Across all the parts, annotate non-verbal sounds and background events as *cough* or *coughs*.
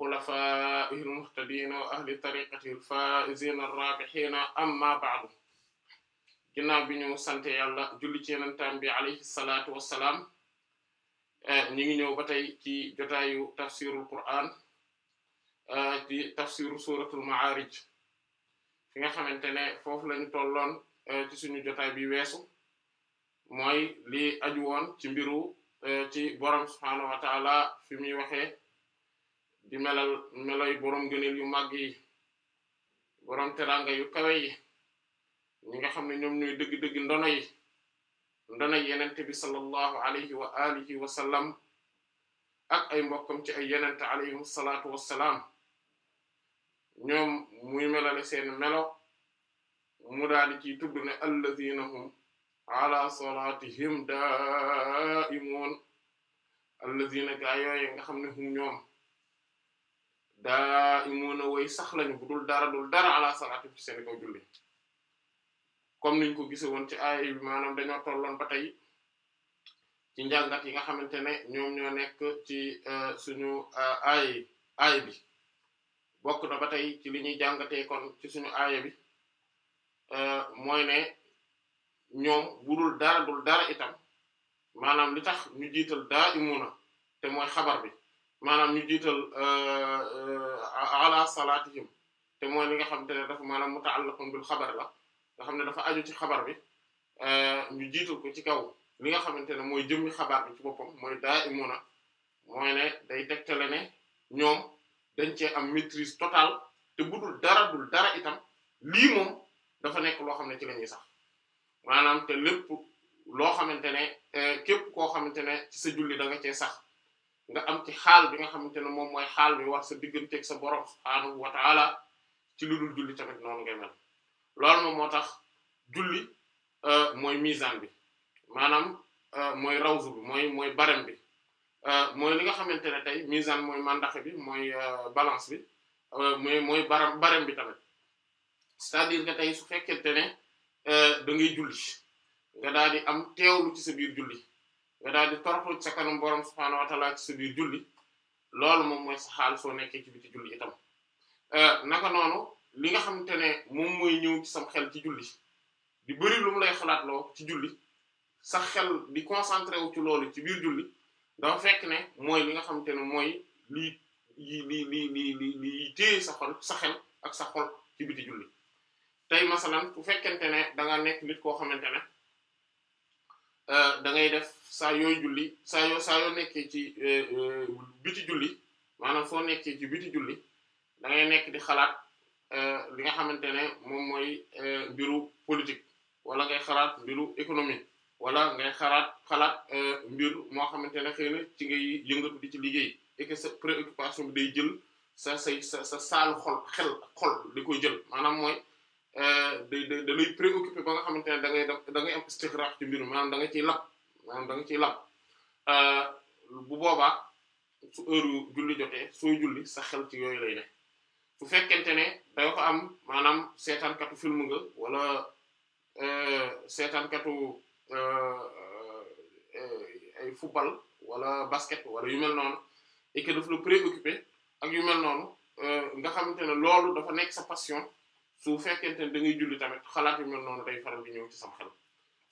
xulafaa'ihil muhtadiina wa ahli tariqatihil faa'iziina raabihiina amma ba'du ginnaaw bi ñu sant yàlla julli ci yenantaam bi alayhi salaatu wassalaam eh, ñi ngi ñëw ba tey ci jotaayu tafsirul qur'an ci eh, tafsiru suratul ma'aarij fi nga xamante ne foofu lañu tolloon eh, ci suñu jotaay bi weesu mooy li aju woon ci mbiru ci borom subhaanahu ta'ala fi muy waxee di melal meloy borom gëneel yu màgg yi borom teraanga yu kawe yi nga xam ne ñoom ñooy dëgg-dëgg ndono yi ndono yenent bi sallallahu alayhi wa alihi wa sallam ak ay mbokkam ci ay yenent alayhim salaatu wassalaam ñoom muy melale seen melo mu daal ci tudd ne alladhina hum ala salatihim daimun alladhina gaa yooye nga xam ne hum ñoom daa imuuna way sax lañu bu dul dara dul dara ala ci seen kaw julli comme niñ ko gise woon ci aaya bi maanaam dañoo tolloon ba tey ci njàngat yi nga xamante ne ñoom ñoo nekk ci euh, suñu euh, aaya aaya bi bokk na ba tey ci li ñuy jàngatee kon ci suñu aaya bi euh, mooy ne ñoom bu dul dara dul dara itam maanaam li tax ñu jiital daa imuuna te mooy xabar bi maanaam ñu jiital euh, euh, ala salaatihim te mooy li nga xamante ne dafa maanaam muta'alliqun bil xabar la nga xam ne dafa aju ci xabar bi euh, ñu jiital ko ci kaw li nga xamante ne mooy jëmmi xabaar bi ci boppam mooy daa'imuna mooy ne day tegtale ne ñoom dañ cee am maîtrise totale te budul dara dul dara itam lii moom dafa nekk loo xam ne ci la sax maanaam te lépp loo xamante ne képp koo xamante ne ci sa julli da nga cee sax nga am ci xaal bi nga xamante ne moom mooy xaal bi wax sa digganteeg sa borom subhaanahu wa taala ci lu dul julli tamit noonu ngay mel loolu moo tax julli euh, mooy misaan bi maanaam euh, mooy rawsu bi mooy mooy barem bi euh, mooy li nga xamante ne tey misaan mooy mandaxe bi mooy balance bi mooy mooy bi tamit cest à su fekkente ne da ngay julli nga daal di am teewlu ci sa biir julli nga daal di toroxlu ci sa kanam borom subhaanahu wa ta'ala sa biir julli loolu moom mooy sa nekkee ci biti julli itam euh, naka noonu li nga xamante ne moom mooy ñëw ci sam xel ci julli di bëri lu mu lay xalaat loo ci julli sa xel di concentré wu ci loolu ci biir julli dafa fekk ne mooy li nga xamante ne mooy lii lii lii lii lii lii téye sa xol sa xel ak sa xol ci biti julli tey masalan bu fekkente ne da nga nekk nit koo xamante ne Euh, da def saa yooy julli saa yoo nekkee ci euh, euh, biti julli maana soo nekkee ci biti julli da ngay nekk di xalaat li nga xamante ne moom mooy mbiru politique wala ngay xalaat mbiru économie wala ngay xalaat xalaat mbir moo xamante ne xëy na ci ngay yëngatu ci liggéey et que sa préoccupation bi day jël sa sa sa saalu xol xel xol di jël maanaam mooy day euh, day da lay préoccupé ba nga xamante ne da ngay da ngay am istixraq ci da nga ciy lab maanaam danga nga ciy lab euh, bu boobaa su heure yu julli jotee su julli sax xel ci yooyu lay ne su fekkente ne da nga ko am maanaam seetaankatu film nga wala euh, seetaankatu ay football wala basket wala yu mel noonu et que daf la préoccupé ak yu mel noonu nga xamante ne loolu dafa nekk sa passion. su fekkente ne da ngay julli tamit xalaat yu mel noonu day faral di ñëw ci sam xel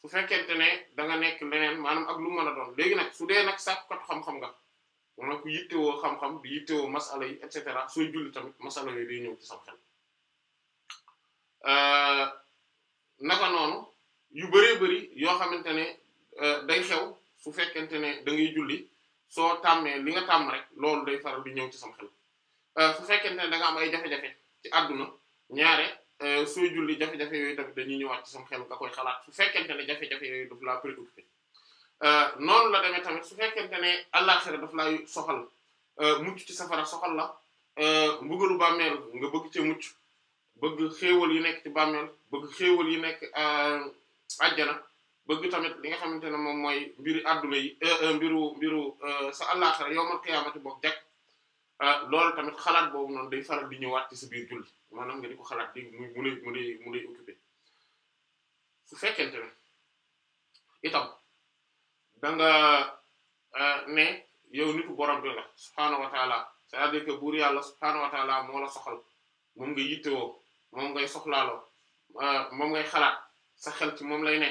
su fekkente ne danga nekk leneen maanaam ak lu mën a doon léegi nag su dee nag sàkkat xam nga wala ku yittewoo xam-xam di yittewoo masala yi et cetera sooy julli ñëw ci sam xel euh, yu bëree bëri yoo xamante ne euh, day xew su fekkente ne da julli soo tàmmee li nga tàmm rek loolu day faral di ñëw ci sam xel euh, su am ay jafe-jafe ci àdduna ñaare euh, sooy julli jafe-jafe yooyu tamit dañuy ñëwaat ci sam xel nga koy xalaat su fekkente ne jafe-jafe yooyu daf laa préoccupé euh, noonu la deme tamit su fekkente ne àllaaxira daf laa soxal euh, mucc ci safara soxal la mbugalu bàmmeel nga bëgg ci mucc bëgg xéewal yi nekk ci bàmmeel bëgg xéewal yi nekk àjjana bëgg tamit li nga xamante ne moom mooy mbiru adduna yi mbiru mbiru sa àllaaxira yawmal qiyaamati bokk jàkk Ah, lool tamit xalaat boobu noonu day faral di ñëwaat ci sa biir julli maanaam nga di ko xalaat di mu mu mu lay mu lay occupé su fekkente ne itam da nga ah, ne yow nitu borom bi la subhaanahu wa taala c'est-à-dire que buur yàlla subhaanahu wa taala moom ngay soxlaaloo ah, moom ngay xalaat sa xel ci moom lay ne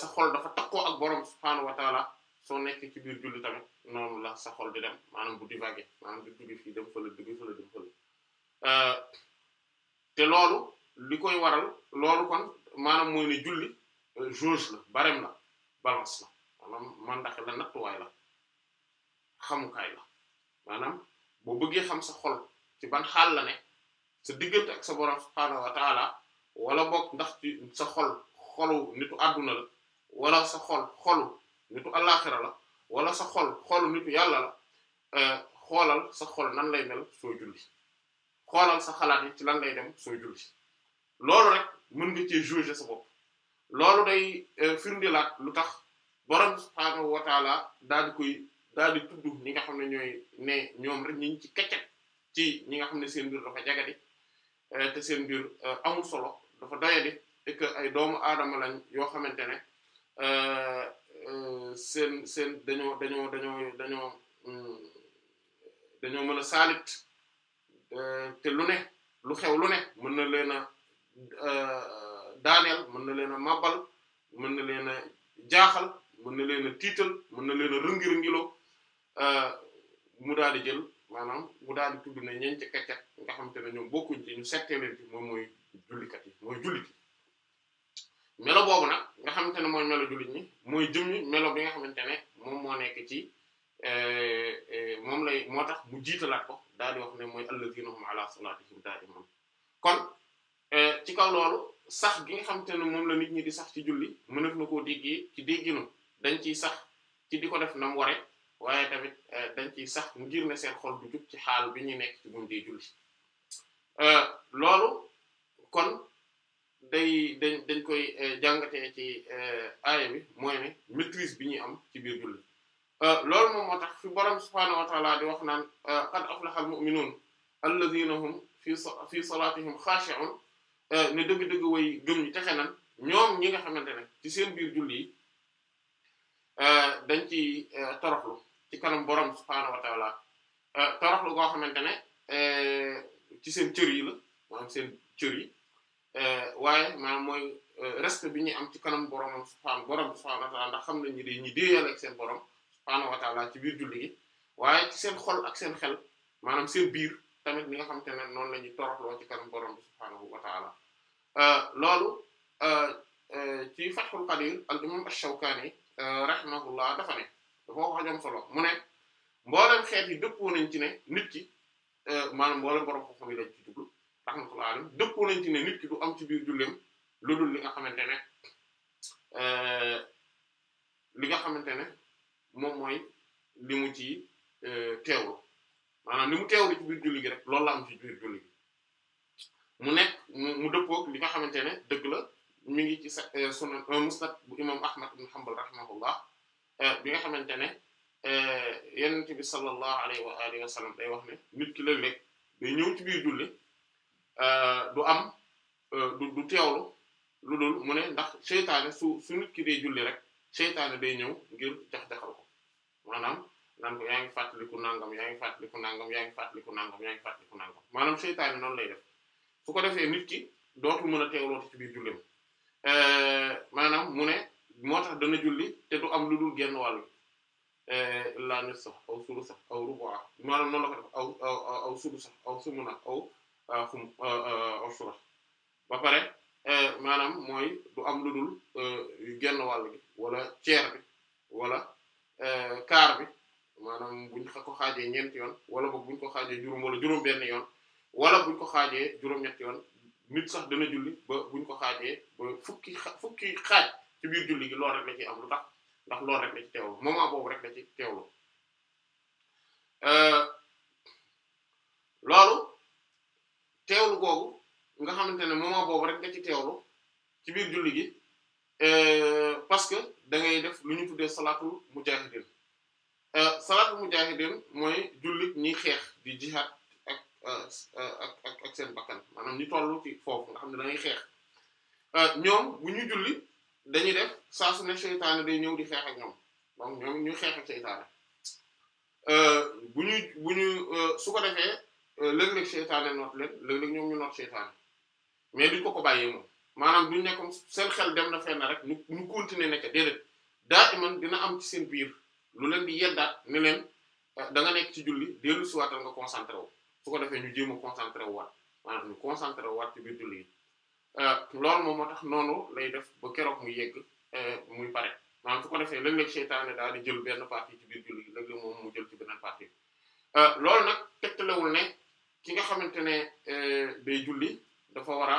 sa xol dafa takkoo ak borom subhaanahu wa soo nekkee ci biir julli tamit noonu la sa xol di dem maanaam bu divagué maanaam di dugg fii dem fële dugg fële dem fële euh, te loolu li koy waral loolu kon maanaam mooy ne julli euh, jauge la barème la balance la maanaam mandaxe la nattuwaay la xamukaay la maanaam boo bëggee xam sa xol ci ban xaal la ne sa diggante ak sa borom subhaanahu wala bokk ndax ci sa xol xolu nitu àdduna la wala sa xol xolu nitu àllaaxira la wala sa xol xolu nitu yàlla la euh, xoolal sa xol nan lay mel soo julli xoolal sa xalaat ci lan lay dem soo julli loolu rek mën nga cee jauger sa bopp loolu day euh, firndilaat lu tax borom subhaanahu wa taala daal di koy daal di ñi nga xam ne ñooy ne ñoom rek ñi ngi ci keccet ci ñi nga xam ne seen mbir dafa jagadi euh, te seen mbir amul solo dafa doyadi et que ay doomu aadama lañ yoo xamante ne Euh, seen seen dañoo dañoo dañoo dañoo hmm, dañoo mën a saalit euh, te lu ne lu xew lu ne mën na leen a euh, daaneel mën na leen a mabal mën na leen a jaaxal mën na leen tiital mën na leen a rëngi-rëngiloo mu daal di jël maanaam mu daan di tudd ne ñeent ci kaccat nga xamante ne ñoom bokkuñ ci ñu settee leen ci moom mooy jullikat yi mooy jullit melo boobu nag nga xamante ne mooy melo jullit ñi mooy jëmmi melo bi nga xamante ne moom moo nekk ci eh, eh, moom lay moo tax mu jiitalaat ko daal di wax ne mooy alladhina hum ala salatihim da'imun kon eh, ci kaw loolu sax gi nga xamante ne moom la nit ñi di sax ci julli mënef na koo déggee ci dégginu dañ ciy sax ci di ko def nam ware waaye tamit dañ ciy sax ngir ne seen xol du jub ci xaal bi ñuy nekk ci buñ dee julli loolu kon day dañ dañ koy euh, jàngatee ci euh, aaya bi mooy ne maîtrise bi ñuy am ci biir julli euh, lool moom moo tax fi borom subhaanahu wa di wax naan qad aflaha al mu'minuun alladhiina hum fi fi salaatihim xaashi'uun ne dëgg-dëgg way gëm ñi texe ñoom ñi nga xamante ne ci seen biir julli yi dañ ci toroxlu ci kanam borom subhaanahu wa taala toroxlu goo xamante ne ci seen cër yi la maanaam seen cër yi Euh, waaye maanaam mooy euh, respect bi ñuy am ci kanam boromam subhaanahu borom bi subhaanahu wa ta'ala ndax xam nañ ni dañuy déeyal ak seen borom subhaanahu wa ta'ala ci biir julli gi waaye ci seen xol ak seen xel maanaam seen biir tamit li nga xamante ne noonu la ñuy toroxloo ci kanam borom bi subhaanahu wa ta'ala euh, loolu ci Fathul Qadir al a ash-Shawkani rahimahullah dafa ne dafa wax jom solo mu ne mboolem xeet yi dëppoo nañ ci ne nit ki maanaam mboolem borom foofu mi lañ ci jublu rahmatullahi alayhim dëppoo nañ ci ne nit ki du am ci biir julleem lu dul li nga xamante ne euh, li nga xamante ne moom mooy li mu ci euh, teewlu maanaam li mu teewlu ci biir julli gi rek loolu la am ci biir julli gi mu nekk mu dëppook li nga xamante ne dëgg la mi ngi ci euh, sunan musnad bu imam ahmad ibn hanbal rahimahullah bi nga xamante ne yonent bi sallallahu alayhi wa alihi wa sallam day wax ne nit ki la lekk day ñëw ci biir julli Euh, du am euh, du du teewlu lu dul mu ne ndax seytaane su su nit ki dee julli rek seytaane day ñëw ngir jax-jaxal ko maanaam naan yaa ngi fàttaliku nangam yaa ngi fàttaliku nangam yaa ngi fàttaliku nangam nangam maanaam seytaane noonu lay def su ko defee nit ki dootul mën a teewloote ci biir julleem euh, maanaam mu ne moo tax dana julli te du am lu dul genn wàll laa nit sax aw sulu sax aw rubu'a maanaam aw xum ba pare e, maanaam mooy du am lu dul e, genn wàll bi wala ceer bi wala e, kaar bi maanaam buñ ko xaajee ñeenti yoon wala boog buñ ko xaajee juróom wala juróom benn yoon wala buñ ko xaajee juróom-ñetti yoon nit sax dana julli ba buñ ko xaajee ba fukki fukki xaaj ci biir julli gi loolu rek la ci am lu tax ndax lool rek la ci teewlu moment boobu rek la ci teewlu loolu teewlu googu nga xamante ne moment boobu rek nga ci teewlu ci biir julli gi euh, parce que da def lu ñu tuddee salaatul mujahidin euh, salaatul mujahidin mooy jullit ñiy xeex di jihad ak euh, ak ak ak seen bakkan maanaam ñu toll ci foofu nga xam ne da ngay xeex ñoom bu ñu julli dañuy def saa su ne seytaane day ñëw di xeex ak ñoom donc ñoom ñu xeex ak seytaane bu ñu bu ñu su ko defee Euh, léeg-léeg seytaane noot leen léeg ñoom ñu noot seytaane mais duñ ko ko bàyyee moom maanaam duñ nekkoon seen xel dem na fenn rek ñu ñu continuer nekk déedéet daa iman dina am ci seen biir lu leen di yeddaat ne leen euh, da nga nekk ci julli dellu si waatal nga concentré wu su ko defee ñu jéem a concentré wu waat maanaam ñu concentré wu waat ci biir julli yi euh, moom moo tax noonu lay def ba keroog mu yegg muy pare maanaam su ko defee léeg-léeg seytaane daa di jël benn partie ci biir julli gi léeg-léeg moom ki nga xamante ne euh, day julli dafa war a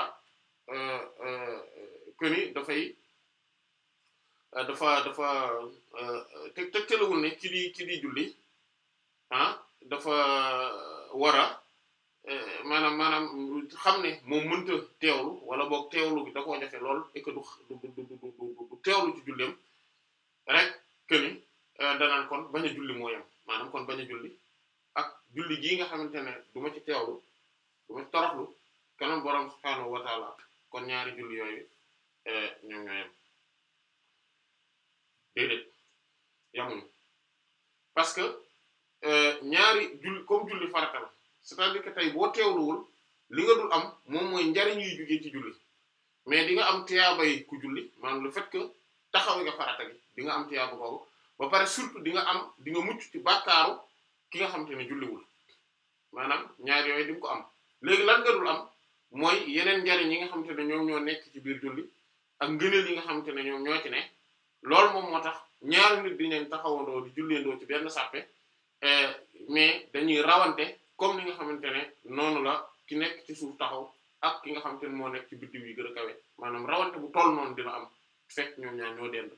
këni euh, euh, dafay dafa dafa te tegtalawul ne ki di ki di julli ah dafa war a maanaam maanaam xam ne moom mënta teewlu wala boog teewlu bi da koo jafe lool et que du du du du teewlu ci julleem rek këni danaan kon bañ julli moo yem kon bañ julli julli gii nga xamante ne du ma ci teewlu du ma ci toroxlu kanam borom subhaanahu wa kon ñaari julli yooyu e, ñoom ñoo yem yamuñu parce que e, ñaari julli comme julli farata c'est-à-dire que tey boo teewluwul li nga dul am moom mooy njariñ yuy jugee ci julli mais di nga am tiyaabay ku julli maanaam le fait que taxaw nga farata gi di nga am tiyaabu boobu ba pare surtout di nga am di nga mucc ci bàkkaaru ki nga xamante ne julliwul maanaam ñaar yooyu di ko am léegi lan nga dul am mooy yeneen njariñ ñi nga xamante ne ñoom ñoo nekk ci biir julli ak ngëneel yi nga xamante ne ñoom ñoo ci ne loolu moom moo tax ñaar nit di leen taxawandoo di julleendoo ci benn sàppe eh, mais dañuy rawante comme li nga xamante ne noonu la ki nekk ci suuf taxaw ak ki nga xamante ne moo nekk ci biddiw yi gën a kawe maanaam rawante bu toll noonu dina am fekk ñoom ñaar ñoo dend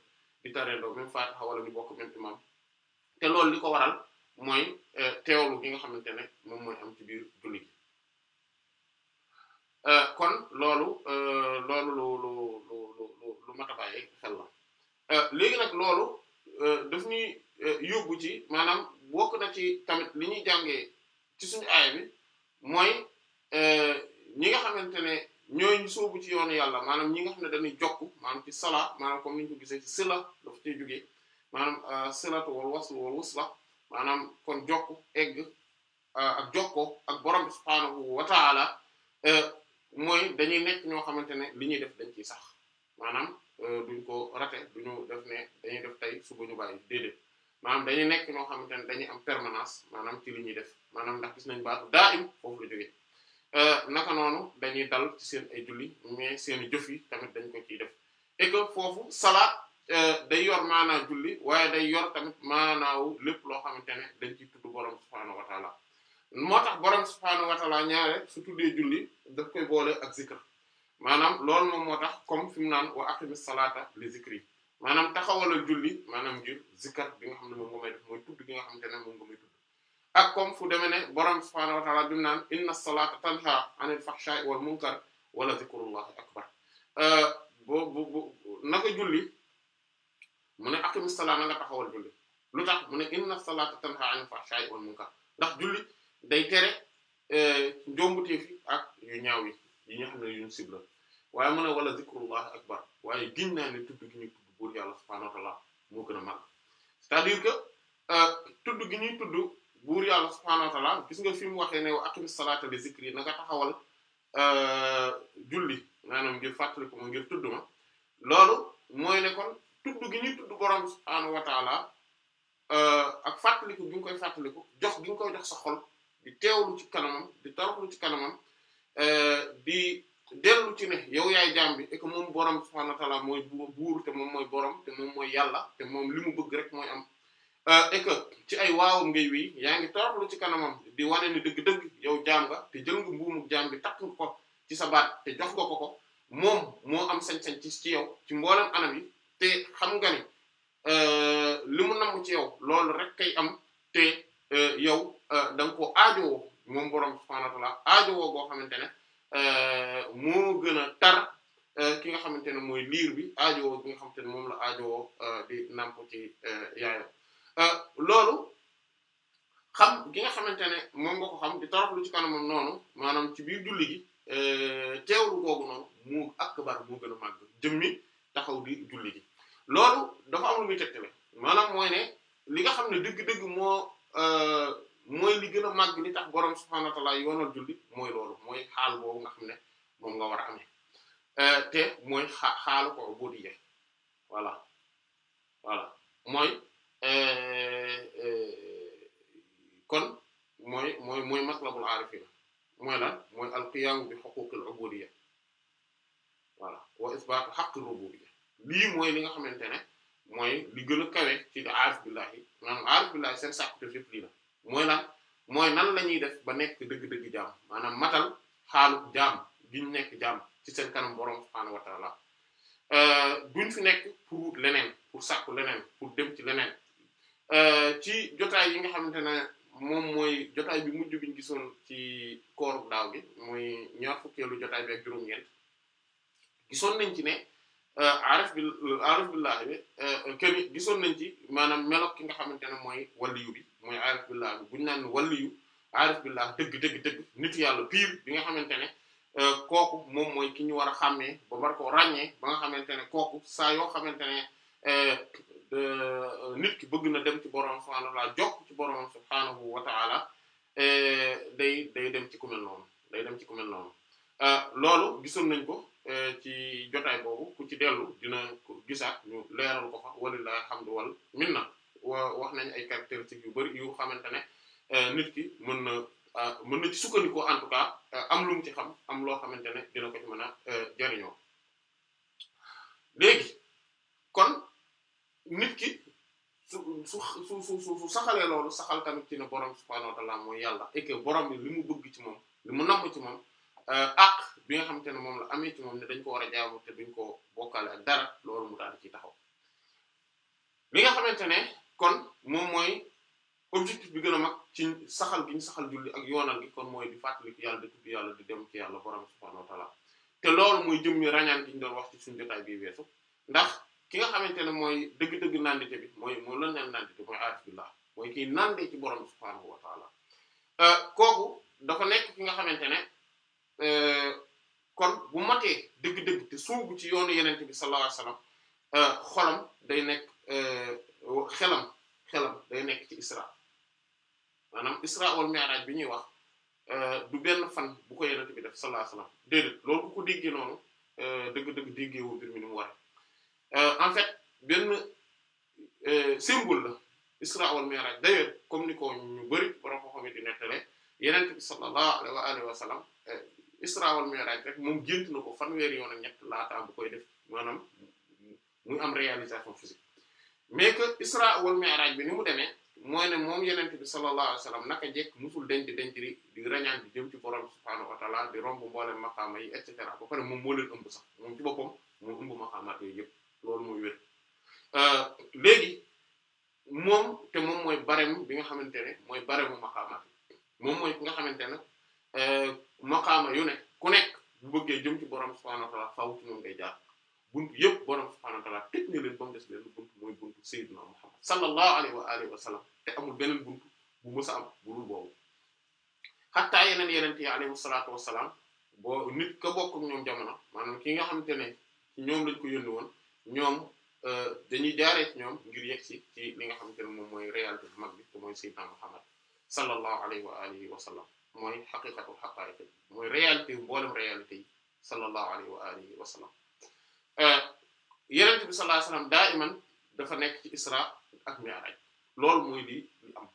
di tareendoo même Fatiha wala ñu bokk même imam te loolu li ko waral mooy euh, teewlu gi nga xamante ne moom mooy am ci biir julli gi euh, kon loolu euh, loolu lu lu lu lu bàyyi xel la léegi nag loolu daf ñuy yóbbu ci maanaam wokk na ci tamit li ñuy jàngee ci suñu aay bi mooy ñi nga xamante ne ñooñu sóobu ci yoonu yàlla maanaam ñi nga xam ne dañuy jokk maanaam ci sala maanaam comme ni ñu ko gisee ci sila dafa cee jógee maanaam silatu wal waslu wal wasla maanaam kon jokk egg euh, ak jokko ak borom bi subhaanahu wa taala euh, mooy dañuy nekk ñoo xamante ne li ñuy def dañ ciy sax maanaam euh, duñ ko rate duñu def ne dañuy def tey suba ñu bàyyi déedéet maanaam dañuy nekk ñoo xamante ne dañuy am permanence maanaam ci li ñuy def maanaam ndax gis nañ baatu daa im foofu la jógee naka noonu dañuy dal seen ay julli mais seen jëf yi tamit dañ ko ciy def et foofu salaat Euh, day yor maanaa julli waaye day yor tamit maanaawu lépp loo xamante ne dañ ciy tudd borom subhaanahu wa taala moo tax borom subhaanahu wa taala ñaare su tuddee julli daf koy boole ak zikr maanaam loolu moom moo tax comme fi mu naan wa aqimis salaata li zikri maanaam taxawalal julli maanaam ngir zikr bi nga xam ne moom nga may def mooy tudd bi nga xamante ne moom nga ak comme fu demee ne borom subhaanahu wa taala bi mu naan inna salaata tanha anil fahshaa'i wal munkar wala zikrullahi akbar euh, bo bo naka julli. mu ne aqimi salaata nga taxawal julli lu tax mu ne inna salaata tanha anil fahsha'i wal munkar ndax julli day tere eh, njombuteef yi ak yu ñaaw yi yuñ sibla waaye mu ne wala zikrullah akbar waaye giñ naa ne tudd gi ñuy tudd buur yàlla subhanahu wa ta'ala gën a mag cest dire que eh, tudd gi ñuy tudd buur yàlla subhanahu wa ta'ala nga fi mu waxee ne wa aqimis salaata li zikri eh, ngir fàttali ko ngir tudd ma loolu mooy ne kon tudd gi ñuy tudd borom bi subhaanahu euh, ak fàttaliku bi nga koy fàttaliku jox gi nga koy jox sa xol di teewlu ci kanamam di toroxlu ci kanamam euh, di dellu ci ne yow yaay jaam bi et moom borom bi mooy buur moom mooy borom te moom mooy yàlla te moom li mu bëgg rek mooy am euh, et que ci ay waawam ngay wii yaa ngi toroxlu ci kanamam di wane ni dëgg-dëgg yow jaam nga te jël nga mbuumuk jaam bi takk nga ko ci sa baat te jox nga ko ko moom moo am sañ-sañ ci ci yow ci mboolem anam yi te xam nga ni euh, li mu namm ci yow loolu rek kay am te euh, yow euh, da ko koo aajowoo moom borom subhaanahu wa ta'aala aajowoo boo xamante ne moo gën a tar ki nga xamante ne mooy liir bi ajo bi nga xamante ne moom la aajowoo di namp ci yaayam loolu. xam gi nga xamante ne moom nga ko xam di toroxlu ci kanamam noonu maanaam ci biir julli gi teewlu googu noonu mu akbar moo gën a màgg jëmmi taxaw gi julli gi loolu dafa am lu muy tegtale maanaam mooy ne li nga xam ne dëgg-dëgg moo euh, mooy li gën a màgg li tax borom subhaanahu wa ta'ala julli mooy loolu mooy xaal boobu nga xam ne moom nga war a amee euh, te mooy xa xaalu ko ubudiyya voilà voilà mooy euh, kon mooy moy mooy matlabul aarifina mooy lan mooy al qiyam bi huquqil ubudiyya voilà wa isbaatu haqqil rububiyya lii mooy li nga xamante ne mooy li gën a kawe ci di aarif billahi maanaam aarif billahi seen sàkkute fépp lii la mooy lan mooy nan la ñuy def ba nekk dëgg-dëgg jaam maanaam matal xaalu jaam giñ nekk jaam ci seen kanam borom subhaanahu wa taala euh, duñ fi nekk pour leneen pour sàkku leneen pour dem ci leneen euh, ci jotaay yi nga xamante ne moom mooy jotaay bi mujj biñ gisoon ci kooru daaw gi muy ñaar fukkeelu jotaay bi ak juróom-ñeent gisoon nañ ci ne Euh, arif bi euh, arif billahi bi kër euh, yi gisoon nañ ci maanaam melok ki nga xamante ne mooy waliyu bi mooy arif billahi bi buñu naan waliyu arif billahi dëgg dëgg dëgg nitu yàlla pire bi nga xamante ne kooku moom mooy ki ñu war a xàmmee ba war ko ràññee ba nga xamante ne kooku saa yoo xamante ne nit ki bëgg na dem ci borom subhaanahu wa ta'ala jokk day day dem ci ku mel noonu day dem ci ku mel noonu loolu gisoon nañ ko Euh, ci jotaay boobu ku ci dellu dina gisaat ñu leeral ko fa walilah alhamdu wal minna wax nañ ay caractéristiques yu bari yu xamante ne euh, nit ki mën na ah, mën na ci sukkandikoo en tout euh, am lu mu ci xam am loo xamante ne dina ko mën a jariñoo léegi kon nit ki su su su su su saxalee loolu saxal tamit ci ne borom subhaanahu wa mooy yàlla et borom bi li mu bëgg ci moom li mu ci moom bi nga xamante ne moom la amee ci moom ne dañ ko war a jaamu te duñ ko bokkaale ak dara loolu mu daal ci taxaw li nga xamante ne kon moom mooy objectif bi gën a mag ci saxal gi ñu saxal ak yoonal gi kon mooy di fàttaliku yàlla di tudd yàlla di dem ci yàlla borom subhanahu wa ta'ala te loolu mooy jëm ñu rañaan gi doon wax ci suñu jotaay bi weesu ndax ki nga xamante ne mooy dëgg-dëgg nandite bi mooy moo la naan nandite mooy aarif billah mooy kiy nande ci borom subhanahu wa ta'ala euh, kooku dafa nekk ki nga xamante ne euh, kon bu matee dëgg-dëgg te sóobu ci yoonu yenente bi sallallahu alayhi wasallam euh, xolam day nekk euh, xelam day nekk ci isra maanaam isra wal bi ñuy wax euh, du benn fan bu ko yenente bi def sallallahu alayhi wasallam fait benn symbole la isra wal mi'raj d'ailleurs comme ni wa alihi Isra wal Mi'raj rek moom gént na ko fanweeri yoon ak ñett laataa bu koy def maanaam muy am réalisation physique mais que Isra wal bi ni mu demee mooy ne moom yenente bi sallallahu alayhi wasallam naka jekk musul denc denc di di rañaan di jëm ci borom subhaanahu wa ta'ala di romb mboolem maqaama yi et cetera ba pare moom moo leen sax moom ci boppam moo ëmb maqaamaat yooyu yëpp loolu mooy wér euh, léegi moom te moom mooy barem bi nga xamante ne mooy baremu maqaamaat moom nga xamante ne Euh, maqaama yu ne ku nekk bu bëggee jëm borom subhaanahu wa ta'aala faaw ci moom ngay jaar buntu yëpp borom subhaanahu wa ta'aala tëj na leen ba mu des leen buntu mooy buntu sayyidina Muhammad sallallahu alayhi wa te amul beneen bu mës a am bu yeneen yeneen yi alayhi salaatu wa salaam boo nit ka bokk ñoom jamono maanaam ki nga xamante ne ñoom lañ ko yónni woon ñoom euh, dañuy jaaree ci ñoom ngir yegg si ci li nga xamante ne moom mooy réalité bu mag bi te mooy sayyidina Muhammad sallallahu alayhi wa alihi wa sallam. mooy xaqiqatu xaqaayiq mooy réalité yu mboolem réalité yi sallallahu alayhi wa alihi wa bi sallallahu wa sallam eh, daa iman dafa nekk ci isra ak mi'raj loolu mooy li li am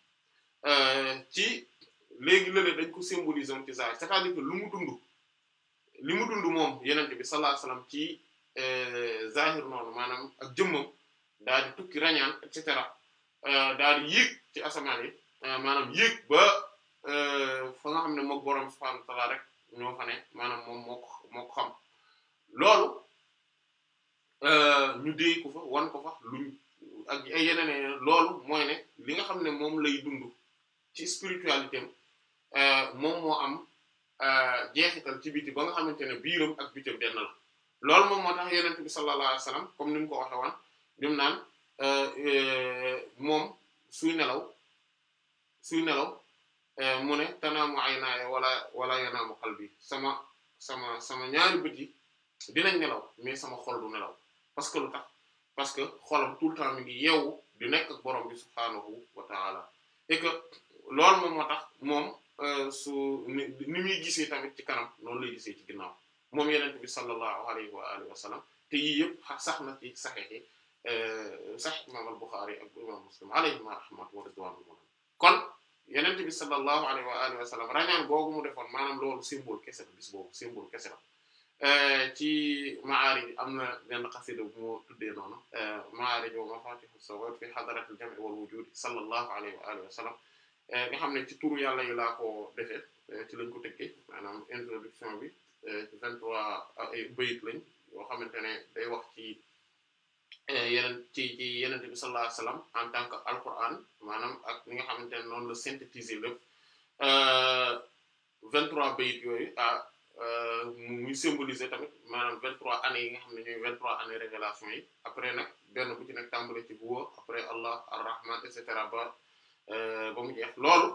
eh, ci léegi lële dañ ko symboliser ci zahir c'est-à-dire que lu mu dund li mu dund moom yeneen bi sallallahu wa sallam ci eh, zahir noonu maanaam ak jëmmam daal di tukki rañaan et cetera daal ci asamaan yi maanaam ba. Euh, fa nga xam ne mook boroom subhaanahu wa rek ñoo fa ne maanaam moom moo moo ko xam loolu euh, ñu déy ko fa wan ko fa luñ ak ay yeneen loolu mooy ne li nga xam ne moom lay dund ci spiritualité am euh, moom moo am jeexital ci biti ba nga xamante ne biiram ak bitam denn la loolu moom moo tax yonent bi sallallahu alayhi wasallam comme ni mu ko waxe woon bi naan moom suy nelaw suy nelaw Eh, mu ne tanaamu aynaaya wala wala yanaamu qalbi sama sama sama ñaari bët yi dinañ nelaw mais sama xol du nelaw parce que lu tax parce que xolam tout le temps mi ngi yeewu di nekk ak borom bi subhaanahu wa taala lool que moom moo tax moom eh, su ni muy gisee tamit ci kanam noonu lay gisee ci ginnaaw moom yeneen bi sallallahu alayhi wa alihi wa sallam te yii yëpp sax na ci saxiix yi eh, sax imaam al Buxaari ak imaam Muslim alayhima rahmatu wa ridwaanu kon. yenent bi sallallahu alayhi wa alihi wa sallam rañaan googu mu defoon maanaam loolu symbole kese la bis boobu symbole kese la eh, ci maarij am na benn xasida bu mu tuddee noonu eh, maarij wa mafatihu sawab fi hadratil jam'i wal wujudi sallallahu alayhi wa alihi wa sallam eh, xam ne ci turu yàlla yi laa ko defee ci lañ ko tëggee maanaam introduction bi ci vingt-trois bayit lañ yoo xamante ne day wax ci Eh, yeneen ci ci yenente bi sallallahu en tant que alquran maanaam ak li nga xamante ne noonu la synthétiser lépp eh, vingt trois bayit yooyu ah eh, muy symboliser tamit maanaam vingt trois années yi nga xam ne ñooy vingt trois années révélation yi après nag benn bu ci nekk tàmbale ci buwa après allah arrahman et cetera ba ba mu jeex loolu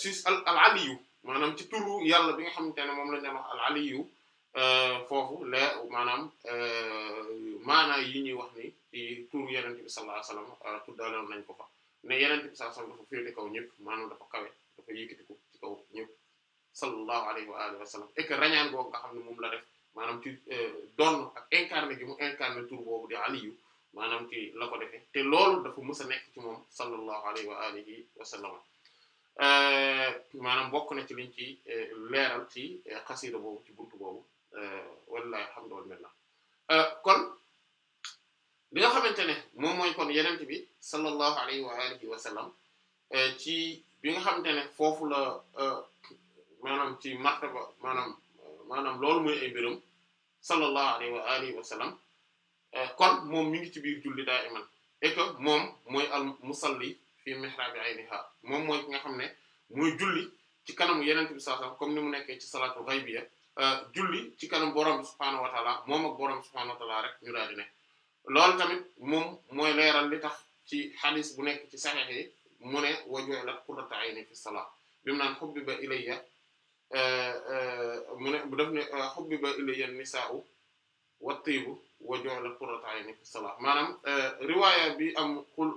si al aliyu maanaam ci turu yàlla bi nga xamante ne moom la leen wax aliyu Euh, foofu leer maanaam euh, maanaa yi ñuy wax ni ci turu yenente bi a alayhi wasallam tuddaloon euh, nañ ko fa ne yenente bi sallallahu alayhi wasallam kaw ñëpp maanaam dafa kawe dafa yëkkatiku ci kaw ñëpp sallallahu alayhi wa alihi wa sallam que rañaan boobu nga xam ne moom la def maanaam ci donn ak incarné gi mu incarné tur boobu di aliyu maanaam ci la ko defee te lool dafa mës a nekk ci moom sallallahu alayhi wa alihi wa sallam maanaam bokk na ci liñ ci leeral ci xasida boobu ci buntu boobu Euh, wallaahi alhamdu minna euh, kon bi nga xamante ne moom mooy kon yenent bi sallallahu alayhi wa alihi wa sallam euh, ci bi nga xamante ne foofu la maanaam ci martaba maanaam maanaam loolu mooy ay mbiram sallallahu wa alihi wa sallam kon moom mi ngi ci biir julli daa iman et que moom mooy al musalli fi mihrabi ayniha moom mooy ki nga xam ne muy julli ci kanam yenent bi sallallahu alayhi comme ni mu nekkee ci salaatu ghaybiya Euh, julli ci kanam borom bi subhaanahu wa taala moom ak borom bi subhaanahu wa taala rek ñu daal di ne loolu tamit moom mooy leeral li tax ci xadis bu nekk ci saxiix yi mu ne wa ju'ilat qurratu ayni fi salaat bi mu naan xubbiba ilayya euh, euh, mu ne bu def ne xubbiba ilayya nisaa'u wat-tiibu wa ju'ilat qurratu ayni fi salaat maanaam riwaaya bi am xul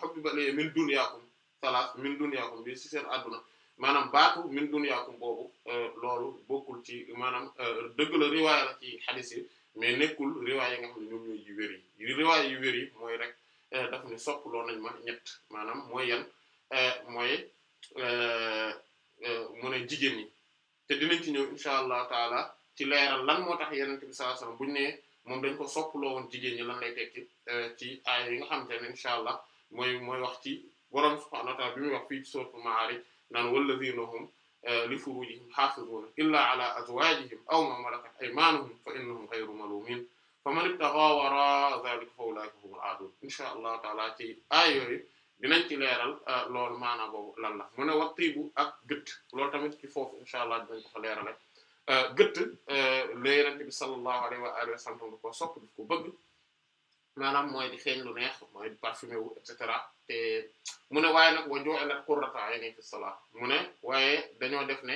xubbiba ilayya min dunyaakum salaat min dunyaakum bi ci seen adduna maanaam baatu min dunyaakum boobu euh, loolu bokkul ci maanaam euh, dëgg la riwaaya la ci xadis yi mais nekkul riwaaya yi nga ne ñoom ñooy yi riwaaya yi mooy rek euh, daf ne sopp loo nañ ma ñett maanaam mooy yan mooy mu jigéen ñi te dinañ ci ñëw incha allah taala ci leeral lan moo tax yenente bi sallallahu alayhi wasallam nee moom dañ ko soppaloo woon jigéen ñi lan lay tekki ci aaya yi nga xamante allah mooy mooy wax ci borom subhanahu wa ta'ala bi muy wax fii ci sourate naan wallazina hum eh, li furujihim hafizuna illa ala azwajihim aw ma malakat aymanuhum fa innahum ghayru malumin faman ibtagha wara zalika fa ulaika humul aadun insha allah taala ci aay yooyu dinañ ci leeral eh, loolu maanaam boobu lan la mu ne wattiibu ak gëtt loolu tamit ci foofu insha allah dinañ ko fa leerale eh, gëtt la Yonent bi sallallahu alayhi wa alihi wa sallam ko sopp daf ko bëgg maanaam mooy di xeeñ lu neex mooy di parfumé wu te mu ne waaye nag wajoo elat qurrata ayni fi salat mu ne waaye dañoo def ne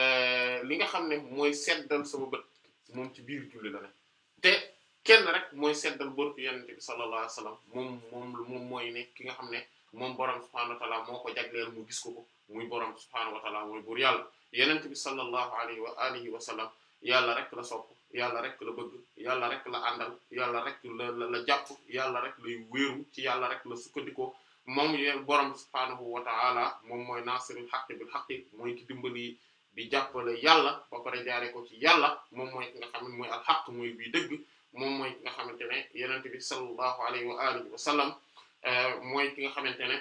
euh, li nga xam ne mooy seddal sama bët moom ci biir julli la ne te kenn rek mooy seddal bërtu yenente bi sallallahu alayhi wasallam moom moom moom mooy ne ki nga xam ne moom borom subhanahu wa ta'ala moo ko jagleel mu gis ko ko muy borom subhanahu wa ta'ala mooy buur yàlla yenente bi sallallahu alayhi wa alihi wa yàlla rek la sopp yàlla rek la bëgg yàlla rek la àndal yàlla rek la la jàpp yàlla rek lay wéeru ci yàlla rek la sukkandiko moom yeen borom subhaanahu wa ta'ala moom mooy nasirul haqqi bil haqqi mooy ki dimbali di jàppale yàlla ba pare jaaree ko ci yàlla moom mooy ki nga xam ne mooy al haqq mooy bii dëgg mooy ki nga xamante ne yenente bi sallallahu alayhi wa alihi wa sallam eh, mooy ne